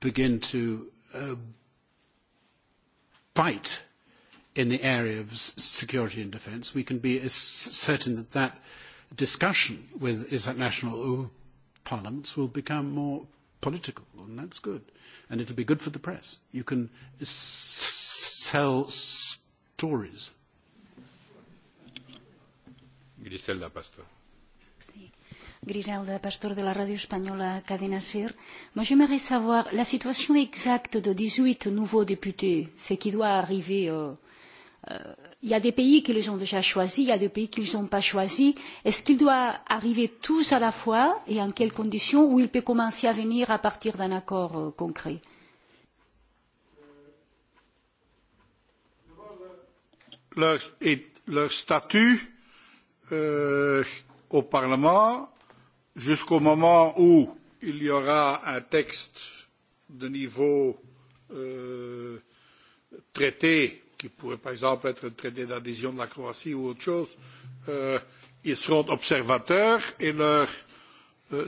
begin to uh, bite in the area of security and defence, we can be certain that that discussion with is that national parliaments will become more political, and that's good. And it'll be good for the press. You can sell stories Griselda Pastor. Griselda Pastor de la radio Cadena Ser. Moi, j'aimerais savoir la situation exacte de 18 nouveaux députés, ce qui doit arriver. Euh, il y a des pays qui les ont déjà choisis, il y a des pays qui ne les ont pas choisis. Est-ce qu'ils doivent arriver tous à la fois et en quelles conditions ou ils peuvent commencer à venir à partir d'un accord concret Leur, statut au Parlement jusqu'au moment où il y aura un texte de niveau traité, qui pourrait par exemple être le traité d'adhésion de la Croatie ou autre chose, ils seront observateurs et leur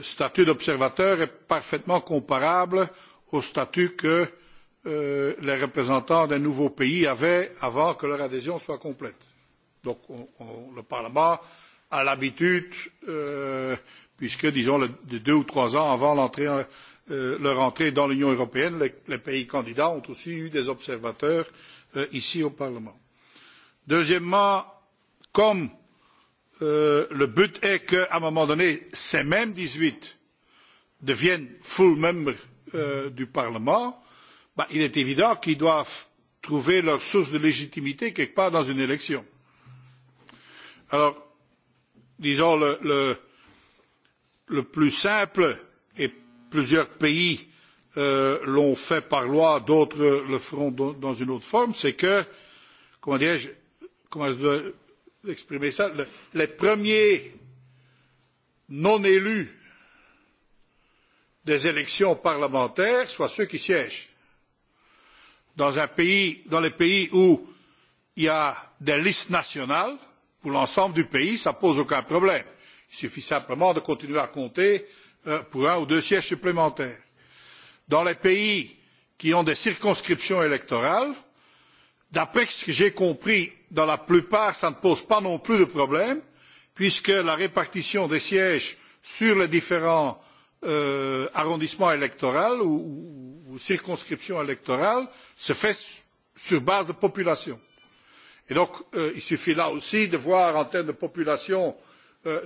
statut d'observateur est parfaitement comparable au statut que les représentants d'un nouveau pays avaient avant que leur adhésion soit complète. Donc le Parlement a l'habitude, puisque, disons, de deux ou trois ans avant leur entrée dans l'Union européenne, les, pays candidats ont aussi eu des observateurs ici au Parlement. Deuxièmement, comme le but est qu'à un moment donné, ces mêmes dix huit deviennent full members du Parlement, il est évident qu'ils doivent trouver leur source de légitimité quelque part dans une élection Alors, disons le, plus simple, et plusieurs pays l'ont fait par loi, d'autres le feront dans une autre forme, c'est que, comment dirais-je, comment je dois exprimer ça, les premiers non élus des élections parlementaires soient ceux qui siègent. Dans, un pays, dans les pays où il y a des listes nationales, pour l'ensemble du pays, cela ne pose aucun problème. Il suffit simplement de continuer à compter pour un ou deux sièges supplémentaires. Dans les pays qui ont des circonscriptions électorales, d'après ce que j'ai compris, dans la plupart, cela ne pose pas non plus de problème, puisque la répartition des sièges sur les différents arrondissements électoraux ou circonscriptions électorales se fait sur base de population. Et donc, il suffit là aussi de voir en termes de population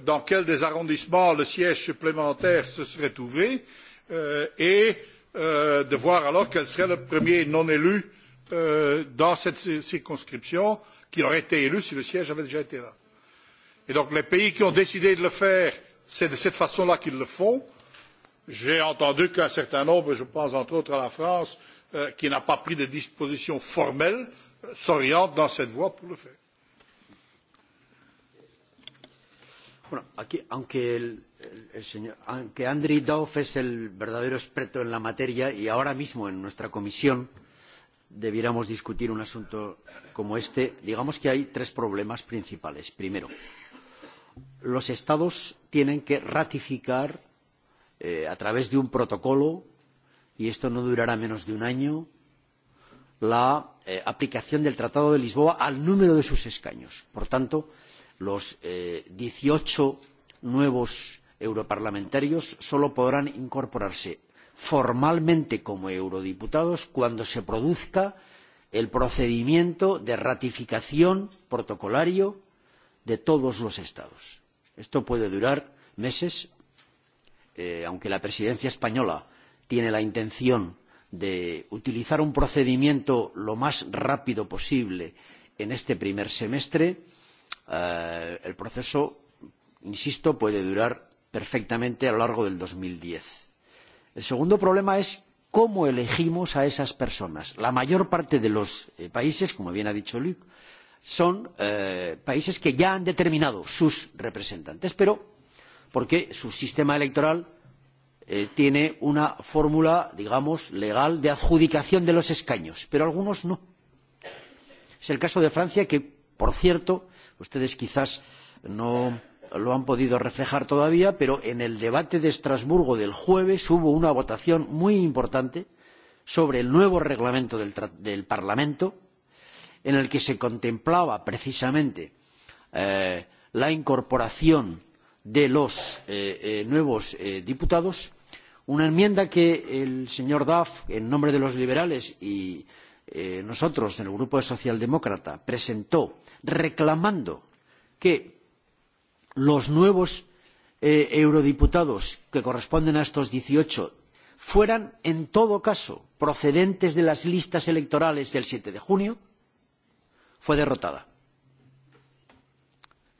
dans quel des arrondissements le siège supplémentaire se serait trouvé et de voir alors quel serait le premier non élu dans cette circonscription qui aurait été élu si le siège avait déjà été là. Et donc les pays qui ont décidé de le faire, c'est de cette façon-là qu'ils le font. J'ai entendu qu'un certain nombre, je pense entre autres à la France, qui n'a pas pris de disposition formelle s'oriente dans cette voie pour le faire. Bueno, aquí, aunque, el, el señor, aunque Andriy Dauf es el verdadero experto en la materia y ahora mismo en nuestra comisión debiéramos discutir un asunto como este, digamos que hay tres problemas principales. Primero, los Estados tienen que ratificar a través de un protocolo, y esto no durará menos de un año, la aplicación del Tratado de Lisboa al número de sus escaños. Por tanto, los dieciocho nuevos europarlamentarios solo podrán incorporarse formalmente como eurodiputados cuando se produzca el procedimiento de ratificación protocolario de todos los estados. Esto puede durar meses, aunque la presidencia española tiene la intención de utilizar un procedimiento lo más rápido posible en este primer semestre, el proceso, insisto, puede durar perfectamente a lo largo del dos mil diez. El segundo problema es cómo elegimos a esas personas. La mayor parte de los países, como bien ha dicho Luc, son países que ya han determinado sus representantes, pero porque su sistema electoral tiene una fórmula, digamos, legal de adjudicación de los escaños, pero algunos no. Es el caso de Francia, que, por cierto, ustedes quizás no lo han podido reflejar todavía, pero en el debate de Estrasburgo del jueves hubo una votación muy importante sobre el nuevo reglamento del, Parlamento, en el que se contemplaba precisamente la incorporación de los nuevos diputados Una enmienda que el señor Duff, en nombre de los liberales y nosotros, en el Grupo Socialdemócrata, presentó reclamando que los nuevos eurodiputados que corresponden a estos dieciocho fueran, en todo caso, procedentes de las listas electorales del siete de junio, fue derrotada.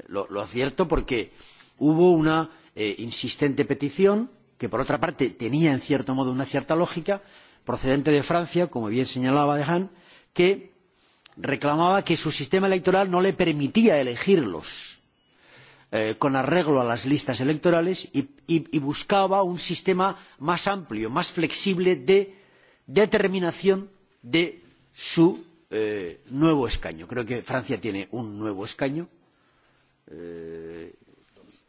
Lo, advierto porque hubo una insistente petición que por otra parte tenía en cierto modo una cierta lógica, procedente de Francia, como bien señalaba Dehaene, que reclamaba que su sistema electoral no le permitía elegirlos con arreglo a las listas electorales y, buscaba un sistema más amplio, más flexible de determinación de su nuevo escaño. Creo que Francia tiene un nuevo escaño.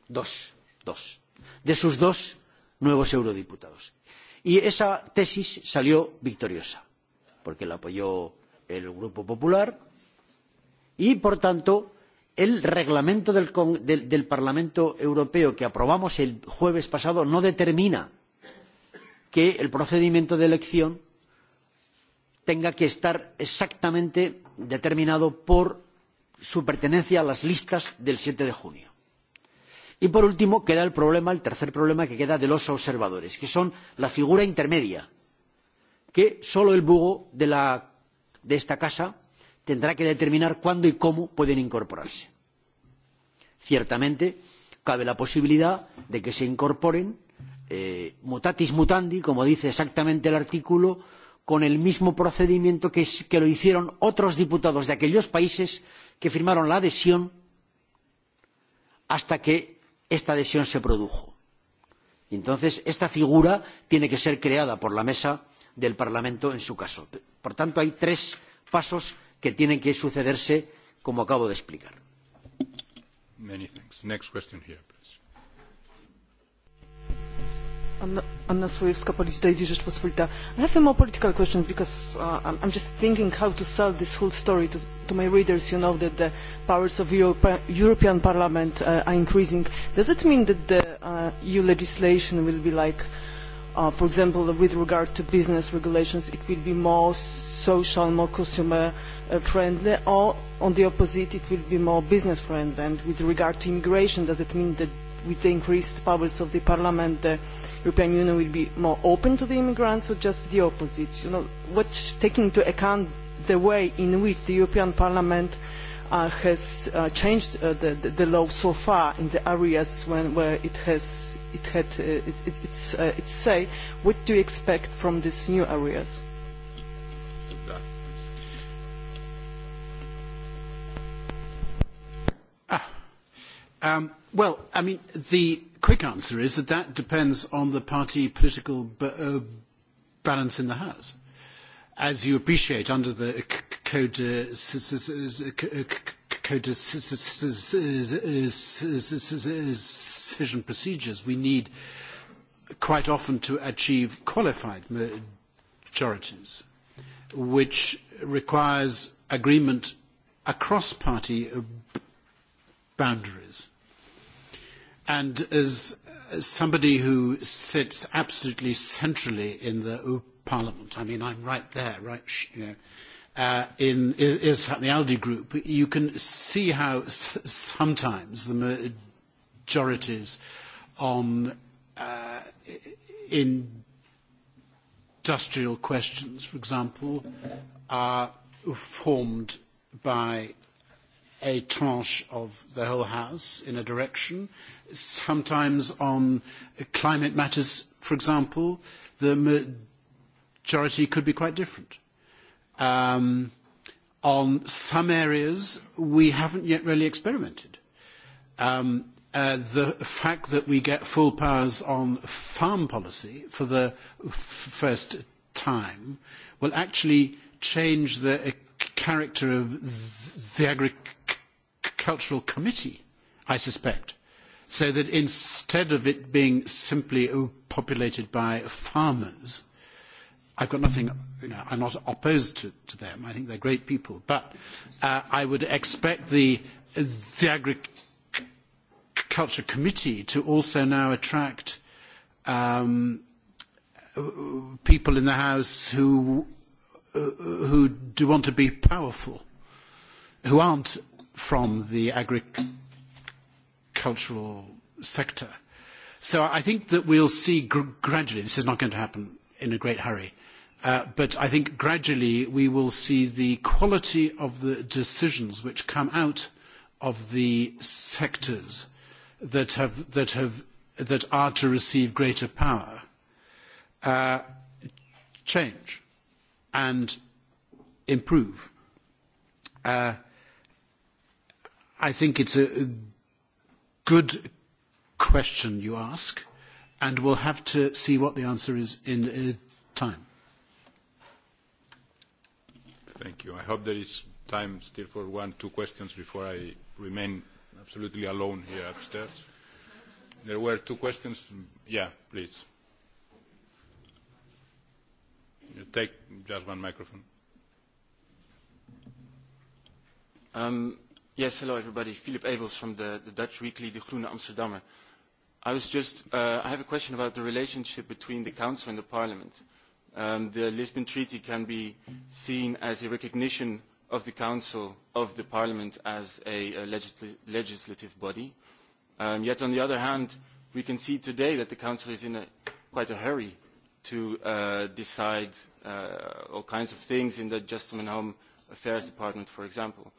dos, dos. De sus dos, nuevos eurodiputados. Y esa tesis salió victoriosa, porque la apoyó el Grupo Popular y, por tanto, el reglamento del, Parlamento Europeo que aprobamos el jueves pasado no determina que el procedimiento de elección tenga que estar exactamente determinado por su pertenencia a las listas del siete de junio. Y por último queda el problema, el tercer problema que queda de los observadores, que son la figura intermedia, que solo el bugo de, esta casa tendrá que determinar cuándo y cómo pueden incorporarse. Ciertamente, cabe la posibilidad de que se incorporen mutatis mutandi, como dice exactamente el artículo, con el mismo procedimiento que lo hicieron otros diputados de aquellos países que firmaron la adhesión hasta que esta adhesión se produjo. Y entonces esta figura tiene que ser creada por la mesa del Parlamento en su caso. Por tanto, hay tres pasos que tienen que sucederse como acabo de explicar. Anna, Anna Swievska, Politycznej Rzeczpospolita. I have a more political question because uh, I'm, I'm just thinking how to sell this whole story to, to my readers. You know that the powers of Europe, European Parliament uh, are increasing. Does it mean that the uh, EU legislation will be like, uh, for example, with regard to business regulations, it will be more social, more consumer uh, friendly, or on the opposite, it will be more business friendly? And with regard to immigration, does it mean that with the increased powers of the Parliament, the uh, European Union will be more open to the immigrants or just the opposite? You know, what, taking into account the way in which the European Parliament uh, has uh, changed uh, the, the, the law so far in the areas when, where it has it had uh, it, it, its, uh, its say, what do you expect from these new areas? well, I mean, the quick answer is that that depends on the party political balance in the House. As you appreciate, under the code decision procedures, we need quite often to achieve qualified majorities, which requires agreement across party boundaries And as somebody who sits absolutely centrally in the Parliament, I mean, I'm right there, right, you know, in is the Aldi group, you can see how s sometimes the majorities on industrial questions, for example, are formed by a tranche of the whole House in a direction, sometimes on climate matters, for example, the majority could be quite different. on some areas, we haven't yet really experimented. the fact that we get full powers on farm policy for the first time will actually change the character of the agricultural committee, I suspect so that instead of it being simply populated by farmers, I've got nothing, you know, I'm not opposed to, to them. I think they're great people. But uh, I would expect the, the Agriculture Committee to also now attract um, people in the House who, who do want to be powerful, who aren't from the agriculture cultural sector. So I think that we'll see gr- gradually, this is not going to happen in a great hurry, uh, but I think gradually we will see the quality of the decisions which come out of the sectors that, have, that, have, that are to receive greater power uh, change and improve. Uh, I think it's a good question you ask, and we'll have to see what the answer is in time. Thank you. I hope there is time still for one, two questions before I remain absolutely alone here upstairs. There were two questions. Yeah, please. You take just one microphone. Um, Yes, hello everybody. Philip Abels from the, the Dutch weekly De Groene Amsterdammer. I was just, uh, I have a question about the relationship between the Council and the Parliament. Um, the Lisbon Treaty can be seen as a recognition of the Council, of the Parliament as a, a legisl legislative body. Um, yet on the other hand, we can see today that the Council is in a, quite a hurry to uh, decide uh, all kinds of things in the Justin and Home Affairs Department, for example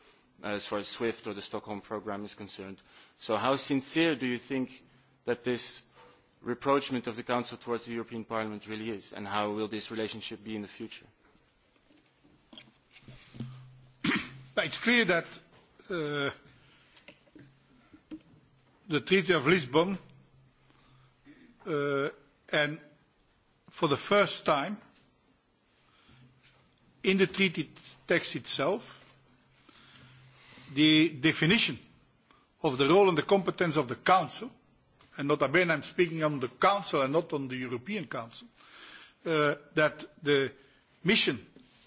as far as SWIFT or the Stockholm programme is concerned. So how sincere do you think that this reproachment of the Council towards the European Parliament really is, and how will this relationship be in the future? It's clear that the Treaty of Lisbon and for the first time in the treaty text itself the definition of the role and the competence of the Council, and nota bene I'm speaking on the Council and not on the European Council, that the mission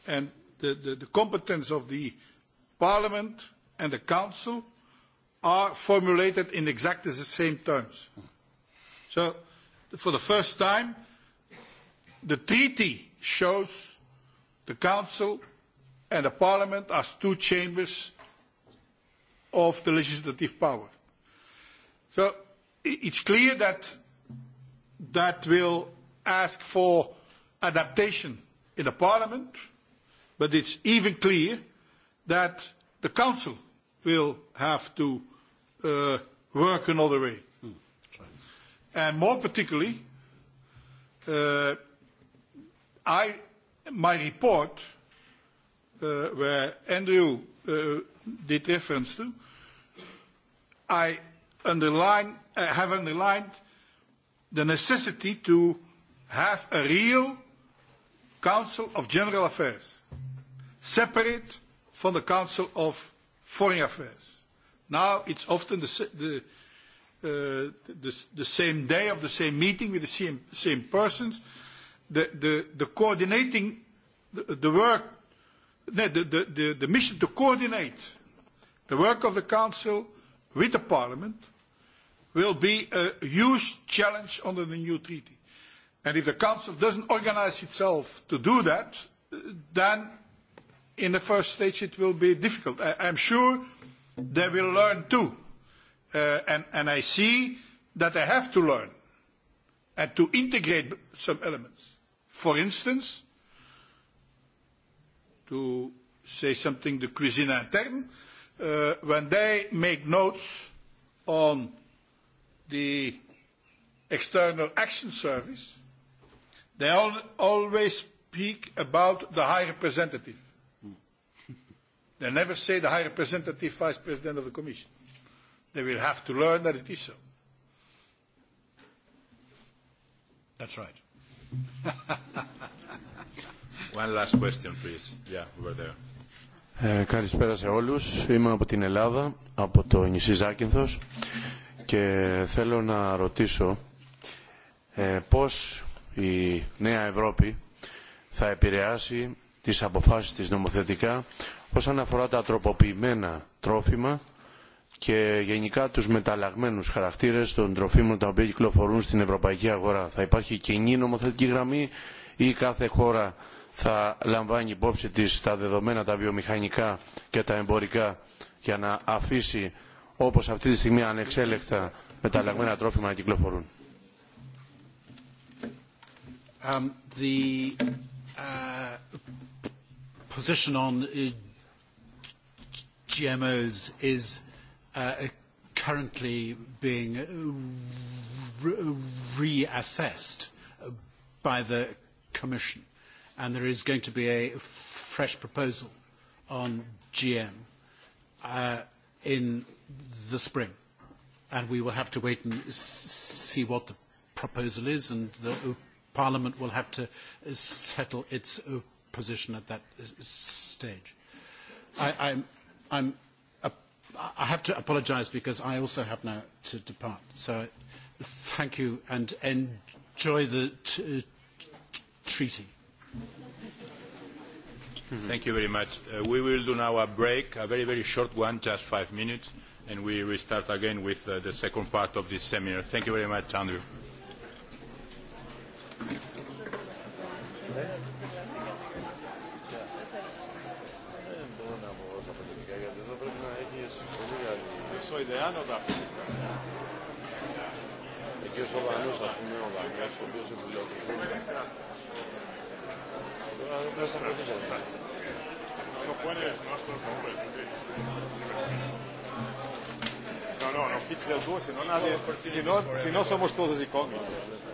and the, the, the competence of the Parliament and the Council are formulated in exactly the same terms. So, for the first time, the treaty shows the Council and the Parliament as two chambers of the legislative power. So it's clear that that will ask for adaptation in the parliament, but it's even clear that the council will have to work another way. And more particularly, I, my report, where Andrew dit reference to, I underline, uh, have underlined the necessity to have a real Council of General Affairs, separate from the Council of Foreign Affairs. Now it's often the, the, uh, the, the same day of the same meeting with the same, same persons. The, the, the coordinating, the, the work the, the, the, mission to coordinate the work of the Council with the Parliament will be a huge challenge under the new treaty. And if the Council doesn't organise itself to do that, then in the first stage it will be difficult. I, I'm sure they will learn too. and, and I see that they have to learn and to integrate some elements. For instance, to say something, the cuisine interne, when they make notes on the External Action Service, they always speak about the High Representative. They never say the High Representative Vice President of the Commission. They will have to learn that it is so. That's right. One last question, please. Yeah, there. Ε, καλησπέρα σε όλους. Είμαι από την Ελλάδα, από το νησί Ζάκυνθος και θέλω να ρωτήσω ε, πώς η νέα Ευρώπη θα επηρεάσει τις αποφάσεις της νομοθετικά όσον αφορά τα τροποποιημένα τρόφιμα και γενικά τους μεταλλαγμένους χαρακτήρες των τροφίμων τα οποία κυκλοφορούν στην ευρωπαϊκή αγορά. Θα υπάρχει κοινή νομοθετική γραμμή ή κάθε χώρα θα λαμβάνει υπόψη της τα δεδομένα τα βιομηχανικά και τα εμπορικά για να αφήσει όπως αυτή τη στιγμή ανεξέλεκτα μεταλλαγμένα τρόφιμα να κυκλοφορούν. Um, the uh, position on GMOs is uh, currently being reassessed by the Commission and there is going to be a fresh proposal on GM in the spring. And we will have to wait and see what the proposal is, and the Parliament will have to settle its position at that stage. I, I'm, I have to apologise because I also have now to depart. So thank you and enjoy the treaty. Thank you very much. we will do now a break, a very, very short one, just five minutes, and we restart again with the second part of this seminar. Thank you very much, Andrew. Εκεί ο no No no has No, no, no quites el dúo, si no nadie, si no, si no somos todos icónicos.